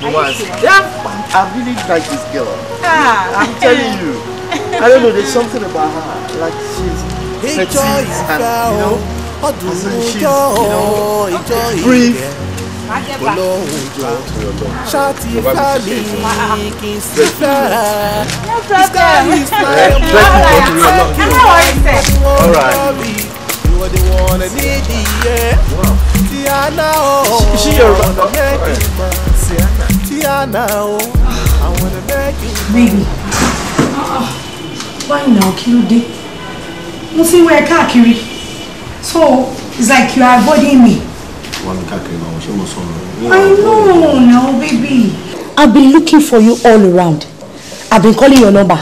mo máa sọ yeah I really like this girl ah. I'm telling you I don't know there's something about her like she's sexy, and you know and she's you know free olóhùn jọ ṣáàtì fẹ́mi kì í sí fẹ́. Tiana oh, she Yoruba. Tiana oh, I wanna make you. Baby, why now? Kí ló dé? Mo ti carry? so it's like you are bodying me wá mi káàkiri àwọn ṣé mo sọ̀rọ̀. I know now baby. I've been looking for you all around. I've been calling your number.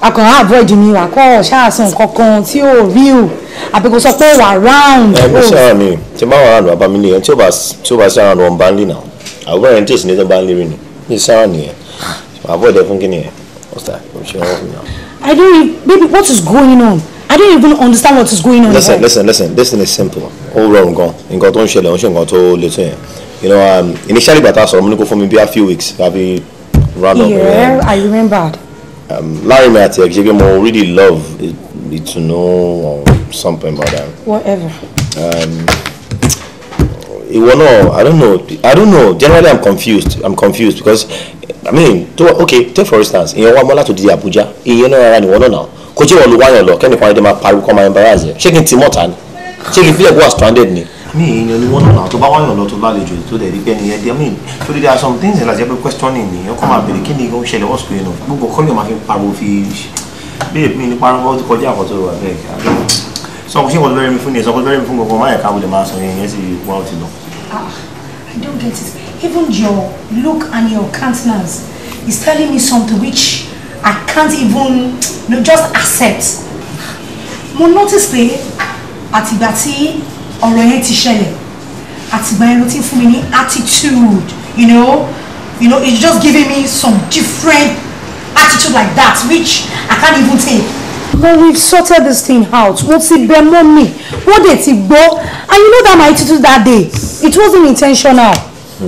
Akàn á avoid mi wà kọ́ ṣáàsán kankan tí ò rí o àbí kò sọ pé wà round. Ẹ kò sí ara mi tí bá wà round bàbá mi nìyẹn tí ó bá tí ó bá wọn bá ń lè nà àbúrò ẹ̀ ń tèsí ní tó bá ń lè rìn ní ní sára nìyẹn avoid ẹ fún kí nìyẹn ọ̀sà kò ṣe I don't baby what is going on? I don't even understand what is going on. Listen, listen, listen. This thing is simple. All wrong gone. In God don't ṣẹlẹ̀, don't ń ṣe nǹkan tó le You know, um, initially gbàtà sọ̀rọ̀ mi ní kò fún mi bí a few weeks tàbí round up. Yeah, um, I remembered. Um, Larry mi àti ẹ̀ ṣe pé mo really love ìtùnú or something about that. Whatever. Um, ìwọ náà i don't know i don't know generally i'm confused i'm confused because i mean to, okay take for instance ìyẹn wà mọ́ láti the Abuja You know, rárá ni ìwọ náà náà kò jẹ́ ìwọ̀lú wáyàn lọ kẹ́nìkan ẹni máa pariwo kọ́ máa embarrass yẹ ṣé kí n ti mọ̀ta ni ṣé kí n fílẹ̀ kó wà ni. mi ìyẹn ni wọn náà tó bá wáyàn lọ tó lálejò tó dẹ̀ rí pé ẹni ẹdí ẹmí torí there some things in life questioning ni ọkọ máa bèrè kí ni ó ń ṣẹlẹ̀ what's going on gbogbo kọ́lẹ̀ máa fi pariwo fi bẹ́ẹ̀ mi ní pariwo ti kọjá àkọ́tọ̀ rẹ̀ bẹ́ẹ̀ sọ ah, I don't get it even your look and your countenance is telling me something which I can't even you know, just accept. Mo notice pé àtìgbà tí ọ̀rọ̀ yẹn ti ṣẹlẹ̀ àtìgbà yẹn ló ti fún mi ní attitude you know you know it's just giving me some different attitude like that which I can't even take. But we've sorted this thing out. What's it been mọ́ mi. Wọ́n dẹ̀ ti gbọ́. And you know that my attitude that day, it wasn't intentional.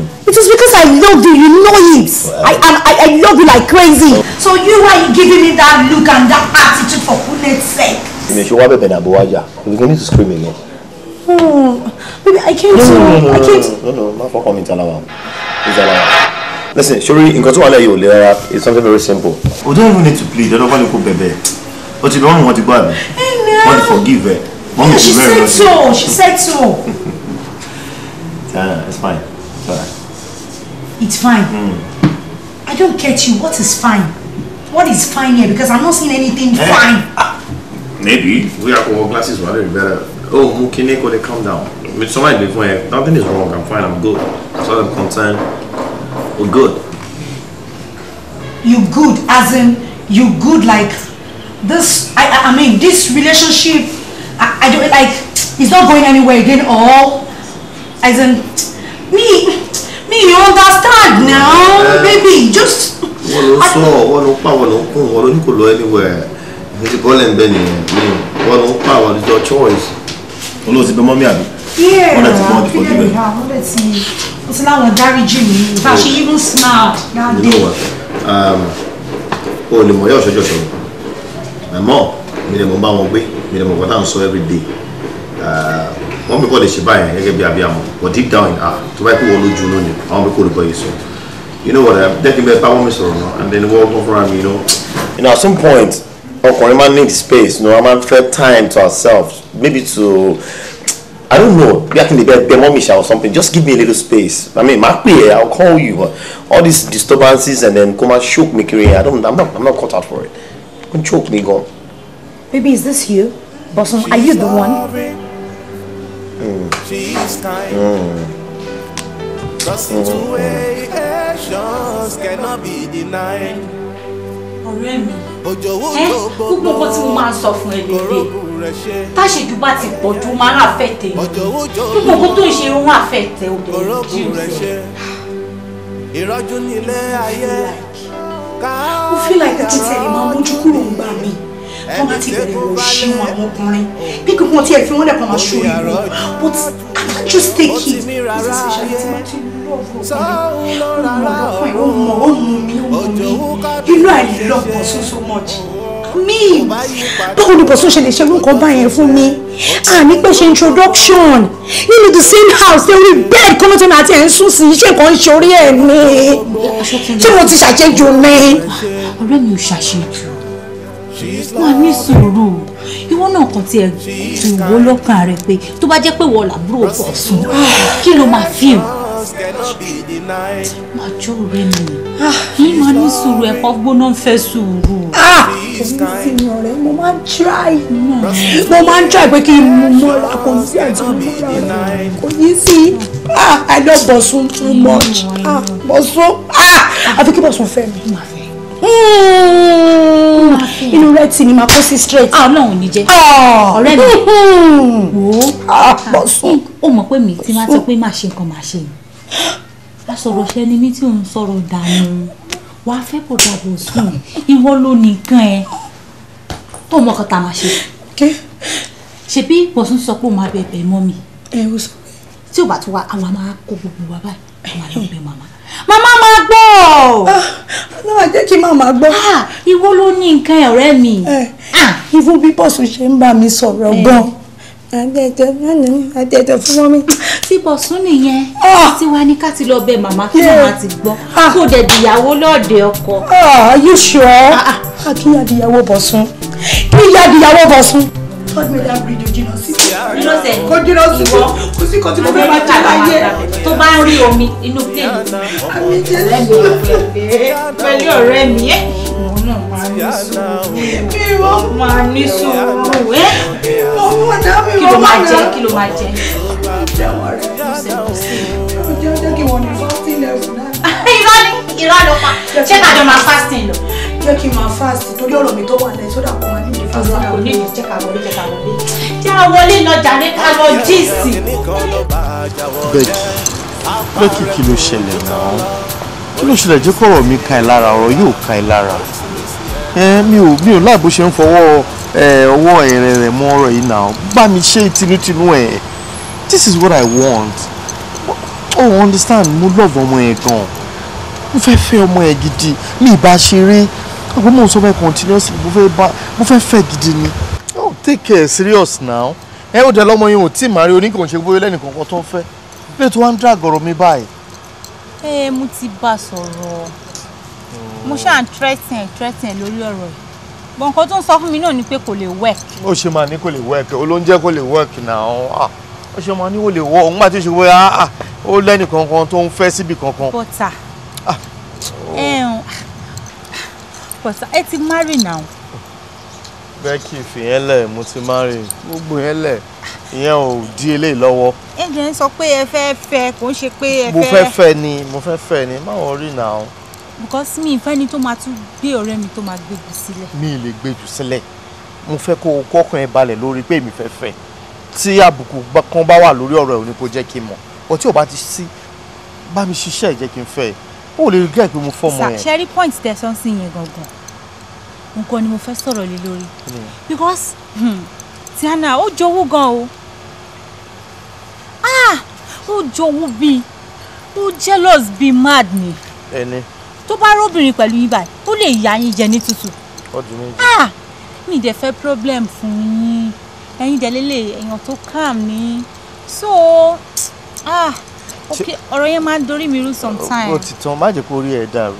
It is because I love you, you know it. Well, I, am, I, I love you like crazy. So you why you giving me that look and that attitude for goodness sake? Maybe you want to be a you're going to scream again. Oh, baby, I can't. No, no, no, I can't. No, no, no, no, no, no, no, no, no, Listen, Shuri, In case you lẹ́yìn ò lè rárá it's something very simple. We don't even need to plead, ọdọ́ fọ́nìkù bẹ̀bẹ̀. O ti bẹ̀ wọ́n wọ́n ti gbọ́ àbẹ̀. Wọ́n ti forgive ẹ̀. Mọ́mí ti bẹ̀rẹ̀ lọ sí. She said so, she said so. Yeah, it's fine. It's fine. Mm. I don't get you. What is fine? What is fine here? Because I'm not seeing anything eh. fine. Ah, maybe. We are our glasses were better. Oh, Mukineko, they calm down. With somebody before here, nothing is wrong. I'm fine. I'm good. As far as I'm concerned, we're good. You good, as in you good, like this. I, I, mean, this relationship. I, I don't like. It's not going anywhere again. All, as in me. mi you understand now uh, baby just. wọ́n ló sọ wọ́n ló pa wọ́n come. kún wọ́n ló ní It's lọ anywhere mo ti bọ́ọ̀lù ẹ̀ńbẹ́ nìyẹn wọ́n ló pa wọ́n ló jọ choice. olóòtú bẹ mọ́mí àbí. yíyẹ ọ̀rọ̀ Let's see. It's now ti ó Jimmy. láwọn dáríjì mi bá a ṣe even smiled that day. Um, o lè mọ̀ yóò ṣọjọ́ ṣọ̀rọ̀ àmọ́ mi lè mọ̀ bá wọn gbé mi lè mọ̀ bá táwọn sọ every day. Uh, wọ́n mi kọ́ lè ṣe báyẹn gẹ́gẹ́ bí abiyamọ but deep down in her tó bá yẹ kó wọ́n lójú lónìí àwọn mi kò lè bọ́ yìí sọ you know what dẹ́kin uh, bẹ́ẹ̀ bá wọ́n mi sọ̀rọ̀ náà and then wọ́n kọ́ fúnra mi you know. you know at some point ọkùnrin máa need space you know a máa time to ourselves maybe to I don't know bí a kì í lè bẹ bẹ mọ́ mi ṣá or something just give me a little space I mean máa pè é I'll call you all these disturbances and then kó máa choke mi kiri I don't I'm not I'm not cut out for it kó choke mi gan. baby is this you? Bosun are you the one? She's kind. Prostituations cannot be denied. Ọ̀rẹ́ mi, ẹ gbogbo nǹkan tí mo máa ń sọ fún ẹ lélẹ̀. Táṣejù bá ti pọ̀ ju máa ń àfẹ́tẹ̀ mi. Gbogbo nǹkan tó ń ṣe ń àfẹ́tẹ̀ obìnrin jíìsì. Ìrọ́jú nílé ayé. Mo feel like títẹ̀ ìmọ̀ ojú kúrò ń gbà mí wọ́n bá ti bẹ̀rẹ̀ wò ṣíwọ̀n àwọn ọkùnrin bí kò wọ́n ti ẹ̀ fi wọ́n lẹ̀ kọ́ máa but can't just take it this is especially tí wọ́n ti lọ́ọ̀bù ọkùnrin ó you know I love person so much Me? báwo ni bọ̀sán ṣe lè ṣe nǹkan báyẹn fún mi àní pé ṣe introduction nínú the same house lórí bed kọ́mọ́tò náà àti ẹ̀ ń sùn sí iṣẹ́ kan ń ṣorí ẹ̀ ni ṣé mo ti ṣàṣejù ni. you mi ò ṣàṣejù wà ní sùúrù ìwọ náà kan tiẹ̀ wò lọ́kàn rẹ pé tó bá jẹ́ pé wọ́n làbúrò pọ̀ sùn kí ló máa fi hàn máa jó rẹ mi mi máa ní sùúrù ẹ̀kọ́ gbóná ń fẹ́ sùúrù. òun ti yàn rẹ mo máa ń try mo máa ń try pé kí n mú mọ́ra kò ní sí àjọ mọ́ra kò ní sí i don't bọ̀sùn too much ah, bọ̀sùn ah, àfi kí bọ̀sùn fẹ́ mi inú rẹ tì ní máa kó sí straight. Ah, ọlọ́run ò ní jẹ́ ah. ọ̀rẹ́ mi wò ó ah, ó mọ̀ pé mi ti máa sọ pé má ṣe nǹkan má ṣe yìí wá sọ̀rọ̀ ṣẹ́ni mi tí ò ń sọ̀rọ̀ dànù wàá fẹ́ kó dàbò sùn ìwọ ló nìkan ẹ tó mọ kan tá a máa ṣebí bọ̀sùn sọ pé ó máa bẹ̀bẹ̀ mọ́ mi tí ò bá tún wá àwa máa kó gbogbo wa báyìí àwa lọ bẹ màmá màmá máa gbọ́. Ah, ọlọ́wà jẹ́ kí màmá gbọ́. Ah, ìwọ ló ní nǹkan ọ̀rẹ́ mi. ìwọ eh, ah. bí bọ́ọ̀sù ṣe ń bá mi sọ̀rọ̀ gan-an àjẹjẹ àjẹjẹ fún mọ́mí. tí bọ̀sùn nìyẹn tí wàá ní ká ti lọ bẹ màmá kí màmá ti gbọ́ kó dẹ̀ dìyàwó lọ́ọ̀dẹ̀ ọkọ. are you sure? kí yá dìyàwó bọ̀sùn kí yá dìyàwó bọ̀sùn me third media bridge jìnnà sí kò jìnnà sí kò kò sí kò tí mo fẹ́ máa jẹ láyé. tó bá ń rí omi inú plane mi pẹ̀lú ọ̀rẹ́ mi ẹ́ òun náà máa ní sùúrù mi ò máa ní sùúrù ẹ́ kí ló máa jẹ kí ló máa jẹ. *laughs* irọ́ ni irọ́ ló pa ṣé kájọ máa fasting lọ jẹ́ kí n máa fast torí ọ̀rọ̀ mi tó wà lẹ́yìn sódà kò máa ní ìdí fast. ọ̀rọ̀ kò ní jẹ́ ká wọlé jẹ́ ká wọlé. já wọlé lọ jàre ká lọ jíìsì. bẹ́ẹ̀kì bẹ́ẹ̀kì kí ló ṣẹlẹ̀ náà kí ló ṣẹlẹ̀ jẹ́ kọ̀rọ̀ mi ka ẹ̀ lára ọ̀rọ̀ yóò ka ẹ̀ lára mi ò mi ò láàbò ṣe ń fọwọ́ ọwọ́ ẹ̀rẹ̀ rẹ̀ mọ́ ọ̀rọ̀ yìí náà bá mi ṣe tinútinú ẹ̀ this is what I want oh understand mo love ọmọ yẹn gan mo fẹ́ fẹ́ ọmọ yẹn gidi mi ì bá ṣeré àbọ̀ mò ń sọ bẹ́ẹ̀ continuously mo fẹ́ bá mo fẹ́ fẹ́ gidi ni. oh take care serious now ẹ ò dẹ lọmọ yẹn ò tí ì máa rí oníkànṣe bóyá lẹ́nìkan kan tó ń fẹ́ bẹ́ẹ̀ tó wá ń dàgọ̀rọ̀ mi báyìí. ẹ mo ti bá a sọ̀rọ̀ mo ṣáà ń threaten threaten lórí ọ̀rọ̀ yìí bọ̀ nǹkan tó ń sọ fún mi náà ni pé kò lè work. ó ṣe máa ní kò lè work olóúnjẹ kò lè work náà ah, ó ṣe máa ní kò lè wọ òun máa ti ṣe wọ́n ah, ah, ó lẹ́nìkan kan tó ń fẹ́ síbì kankan. bọ́tà but ẹ ti marry now. Becky fìyẹn lẹ̀ mo ti marry gbogbo yẹn lẹ̀ ìyẹn ò di eléyìí lọ́wọ́. ẹ̀jẹ̀ ń sọ pé ẹ fẹ́ fẹ́ kò ń ṣe pé ẹ fẹ́. mo fẹ́ fẹ́ ni mo fẹ́ fẹ́ ni má wọ́n rí nà because mi ìfẹ́ ni tó máa tún gbé ọ̀rẹ́ mi tó máa gbé jù sílẹ̀. mi ì lè gbé jù sílẹ̀ mo fẹ́ kó o kọ́kàn ẹ balẹ̀ lórí pé èmi fẹ́ fẹ́ tí àbùkù kan bá wà lórí ọ̀rọ̀ ẹ̀ ò ní kó jẹ́ kí n mọ̀ ọ̀ tí ò bá ti sí bá mi ṣiṣẹ́ ẹ̀ jẹ́ kí n fẹ́ ẹ̀ ó lè gẹ́ pé mo fọmọ yẹn. sherry point tẹ̀sán sí yẹn gangan nǹkan ni mo fẹ́ sọ̀rọ̀ lé lórí because hmm, Tihana ó jowú gan o ah ó jowú bíi ó jealous bíi mad ni ẹni tó bá róbìnrin pẹ̀lú yín báyìí ó lè yá yín jẹ ní tútù ah mi dẹ̀ fẹ́ problem fún yín ẹ̀yin dẹ̀ lélẹ̀ èèyàn tó calm ni so ah ok ọ̀rọ̀ yẹn máa ń dorí mi rú sometimes. o ti tán má jẹ́ kó rí ẹ̀ dàrú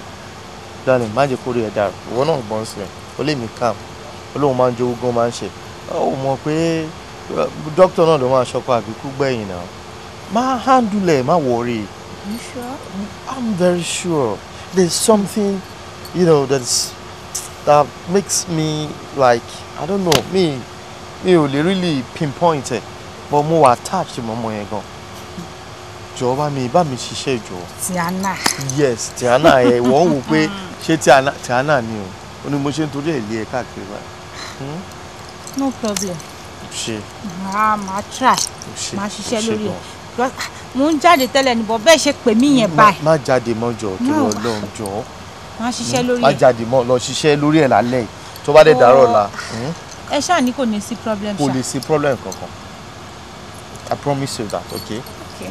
darling má jẹ́ kó rí ẹ̀ dàrú ìwọ náà gbọ́n sí ẹ̀ ó lè mí calm olóhùn máa ń jowó gan máa ń ṣe ó mọ̀ pé uh, dókítà náà ló máa ṣọkọ àbíkú gbẹ̀yìn náà má handle ẹ̀ má worry. you sure? i'm very sure there's something you know that's that makes me like i don't know me mi ò lè really pinpoint ẹ̀ but mo wà attached mọ́ ọmọ yẹn gan jọ̀ọ́ bá mi bá mi ṣiṣẹ́ ìjọ. Tiana. yes Tiana ẹ wọ́n wò pé *laughs* mm. ṣé Tiana ni o ó ní mo ṣe ń torí ẹ̀ lé ẹ káàkiri báyìí. Hmm? no problem. ṣe. màá ah, màá try màá ṣiṣẹ́ lórí ẹ̀ ah, mo ń jáde tẹ́lẹ̀ níbọ̀ bẹ́ẹ̀ ṣe pè mí yẹn báyìí. má jáde mọ́ jọ̀ọ́ tó lọ lọ́hùn jọ̀ọ́. má ṣiṣẹ́ hmm? lórí ẹ̀. má jáde mọ́ lọ ṣiṣẹ́ lórí ẹ̀ lálẹ́ yìí tó bá dé oh. dàárọ̀ la. Hmm? ẹ ṣáà ní kò ní sí problem ṣá. kò lè sí problem kankan I promise you that okay. okay.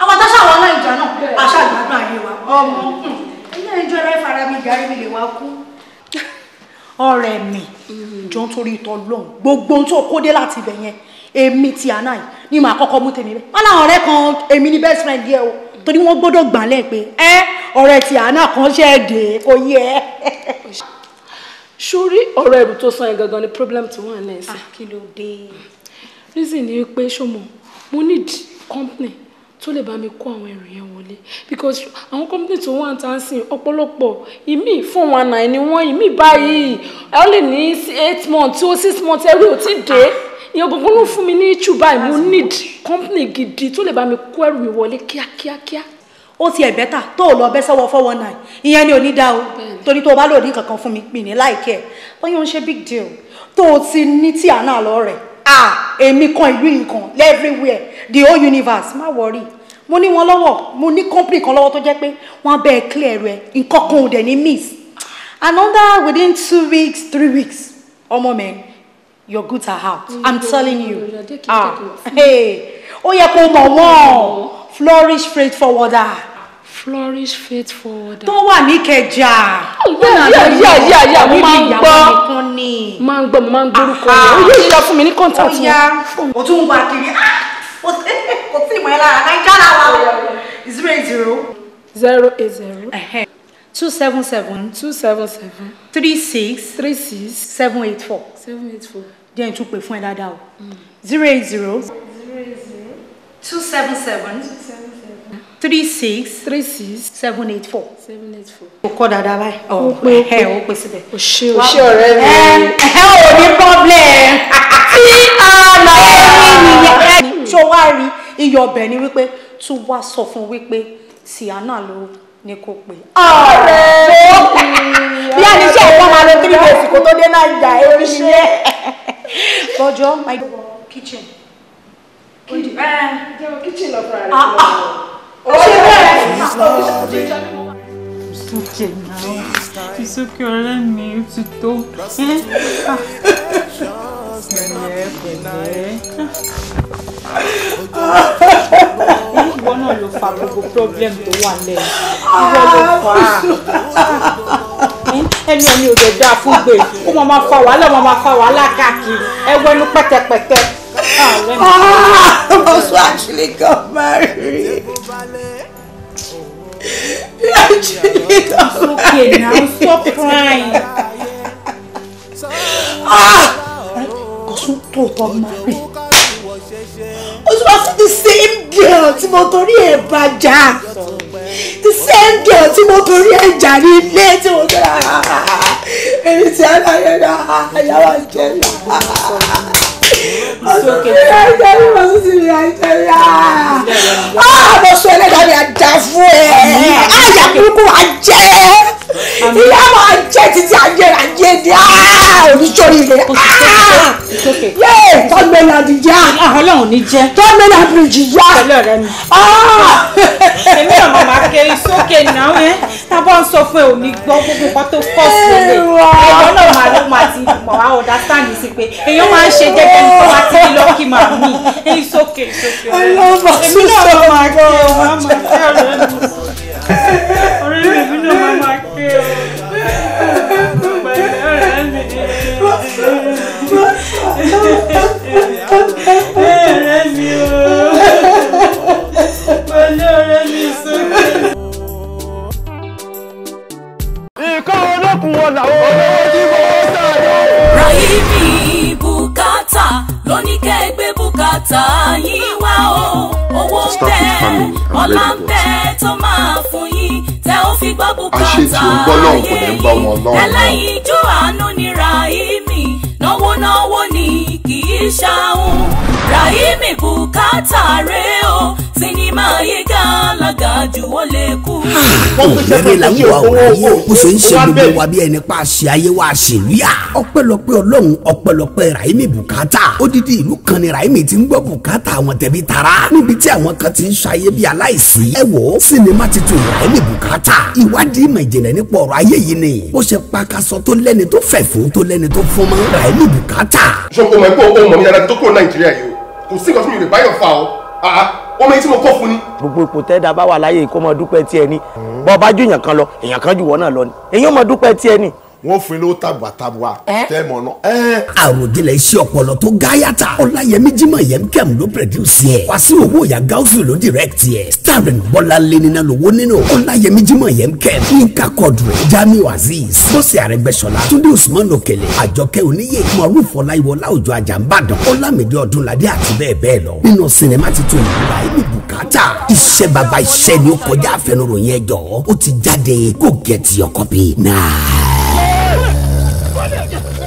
àwọn atáṣà àwọn aláìjà náà àṣà ìgbàgbọ́ ayé wa ọmọ ilé ẹjọ́ ẹlẹ́ fara mi jàre mi lè wá kú. ọ̀rẹ́ mi jọ ń torí ìtọ́ lọ́hùn gbogbo ohun tó kó dé láti ibẹ̀ yẹn èmi ti àná yìí ni màá kọ́kọ́ mú tèmi bẹ́ẹ̀ wọ́n láwọn ọ̀rẹ́ kan èmi ní best friend yẹ o torí wọ́n gbọ́dọ̀ gbàlẹ̀ pé ẹ ọ̀rẹ́ ti àná kan ṣe é dè é kò yẹ sórí ọ̀rọ̀ ẹ̀rù tó san yẹn gangan ni problem tí wọ́n ń lẹ́sìn. kí ló dé. reason ni pé ṣọmọ mo need company tó lè bá mi kó àwọn ẹrù yẹn wọlé because àwọn company tó wà ń tà ń sìn ọ̀pọ̀lọpọ̀ ìmíì fún wọn náà ni wọ́n ìmíì báyìí ẹ ó lè ní eight months tí ó six months ẹrù ò tí ì dé ìyẹn gbogbo ló fún mi ní ìtú báyìí mo need company gidi tó lè bá mi kó ẹrù mi wọlé kíákíákíá. ó ti ẹ̀ bẹ́tà tó o lọ bẹ́ sọ́wọ́ four one nine ìyẹn ni ò ní dá o torí tó o bá lòdì kankan fún mi mi ní láìkẹ́ ẹ̀ bóyá ń ṣe big deal tó o ti ní tí àná lọ rẹ̀ à èmi kan ìlú yìí kan the whole universe Ma worry. mo ní wọn lọ́wọ́ mo ní company kan lọ́wọ́ tó jẹ́ pé wọ́n bẹ́ẹ̀ clear rẹ̀ nǹkan kan ò dẹ̀ ní miss another within two weeks three weeks ọmọ mi your goods are out mm-hmm. i'm telling you ah hey ó yẹ kó mọ̀ wọ́n flourish faith forwarder flourish faith forwarder. tó wà ní kẹjà. Oh, yíyáyíyáyíyá mo máa ń gbọ́ máa ń gbọ́ mo máa ń gbórúkọ rẹ̀ ó yẹ ìyá fún mi ní contact wọn. o tún ń kiri ah! kò tí ì mọ̀ ẹ́ lára naija mm. zero eight zero. zero eight zero. two seven seven. two seven seven. three six. three six. seven eight four. seven eight four. jẹ́ n tún pè fún ẹ dáadáa o. zero eight zero. two seven seven. three six. three six. seven eight four. seven eight four. o kọ́ dáadáa báyìí. o pe o pe o síbẹ̀. o ṣe ọ̀rẹ́ mi. ẹ ẹ ò ní problem. *laughs* tí a lọ ẹ ṣó wá rí iyọ̀ ọbẹ̀ ni wípé tún wá sọ fún wípé Sihana ló ní kò pé. ọ̀rẹ́ bí àníṣe ẹ̀kọ́ máa lo three days kó tó dé náà ìjà èmi ṣe. lọ́jọ́ my kitchen. kitchen eh, lọ fún ara rẹ̀ lọ́wọ́. ó ṣe bẹ́ẹ̀ sísá sókè náà fi sókè ọ̀rẹ́ mi ó ti tó pẹ̀lẹ́ eh? pẹ̀lẹ́. Ah ìwọ náà ló fa gbogbo problem tó wà lẹ́yìn ìwọ ló ah, fà hmm? ẹni ẹni ò lè dá ó mọ máa fa wàhálà mọ máa fa wàhálà káàkiri ẹwọ ẹnu pẹ̀tẹ̀pẹ̀tẹ̀. mo sọ àṣìlè kan máa rí àṣìlè crying. ọ̀sùn ah! tó tọ́ máa rí o tún wá sí the same girl tí mo torí ẹ̀ bá jà the same girl tí mo torí ẹ̀ jà ní ilé tí mo torí ẹ̀ bá èmi tí a náà yẹn náà àyàwó àjẹ́ náà ọ̀sùn ìyá ìjà ní ọ̀sùn sí ìyá ìjà ah mo sọ ẹlẹ́dàá mi àjà fún ẹ àyà burúkú àjẹ́ ilé a máa jẹ́ títí ayérayé ni ah, oníṣòrí ilé ah. yé tọ́gbẹ́lá di ah, ọlọ́run ní jẹ́ tọ́gbẹ́lá bìrìjì yá *laughs* èmi ọmọ màá kiri sókè náà ẹ tábọ sọ fún ẹ ò gbọ́ gbogbo nǹkan tó kọ sí ẹ náà màá ló máa ti mọ wá ọdá sáàmì sí pé èèyàn máa ń ṣe jẹ́jẹ́ nípa wá sí lọkì màá mi sókè sókè ọ̀rẹ́ èmi náà màá kiri ọ̀rẹ́ mi *laughs* ọ̀rẹ́ mi náà màá kiri. Ọ̀rẹ́ mi ooo. Pẹ̀lú ọ̀rẹ́ mi sókè. Nǹkan olókùn wọn làwọn olówó tí mo sàyẹ̀wò. Rahimi bùkátà ló ní kẹ́ ẹ gbé bùkátà yín wá o owó ń bẹ ọlá ń bẹ tó máa fún yín tẹ́ ó fi gbọ́ bùkátà ayé yín ẹlẹ́yinjú àánú nira ìmì náwó náwó ní kì í ṣàhùn Rahimi bùkátà rèé o sinimá yìí gàlágà jù ó lè kú. lẹ́rẹ́ la wà ó ayé o ṣe ń ṣe gbogbo wa bí ẹni pa ṣe ayé wa ṣe wíyà. ọpẹ́lọpẹ́ Ọlọ́run ọpẹ́lọ́pẹ́ Rahimi bùkátà odidi ìlú kan ni Rahimi ti ń gbọ́ bùkátà àwọn tẹ̀bí tara níbi tí àwọn kan ti ń ṣayé bí aláìsí. ẹ wò ó sinimá titun Rahimi bùkátà ìwádìí ìmọ̀ ìjìnlẹ̀ nípa ọ̀rọ̀ ayé yìí ni ó ṣe pakasọ tó lẹ́ni tó fẹ̀fún tó lẹ́ni tó fún mọ́ Rahimi bùkátà. sọ o mọ̀ mi dáadáa tó kúrò nàìjíríà yìí o kò sí nǹkan tí mi ò lè báyọ̀ fa o wọ́n mẹ́yìn tí mo kọ́ fún ni. gbogbo ipò tẹ́dá bá wà láyé kó mọ dúpẹ́ tiẹ̀ ni bọ́ọ̀ bá ju èèyàn kan lọ èèyàn kan jù wọ́n náà lọ ni èyí mọ dúpẹ́ tiẹ̀ ni wọ́n fún ilé ó tàgbà tàbùwà tẹ́ẹ̀mọ̀ náà. àròjinlẹ̀ iṣẹ́ ọpọlọ tó gáyàtà ọláyẹmí jimoh yemkem ló pẹ̀dúsì ẹ̀ wá sí owó ìyá gáúsù ló dìrẹ́kìtì ẹ̀ starring bọ́lá lẹ́nina lówó nínú ọláyẹmí jimoh yemkem yínká kọ́dùrẹ̀ jamiu azeez bọ́sẹ̀ àrẹgbẹ́sọ̀la túndé usman okele àjọkẹ́ oníyè maruf ọláyíwọlá òjò àjàmbàdàn ọlámídé ọdúnládé àti bẹ́ẹ̀ bẹ́ẹ̀ lọ nínú sinimá titun ìlúwa ẹni bùkátà iṣẹ́ baba iṣẹ́ ni ó kọjá àfẹnuròyìn ẹjọ́ ó ti jáde go get your copy now. Come on,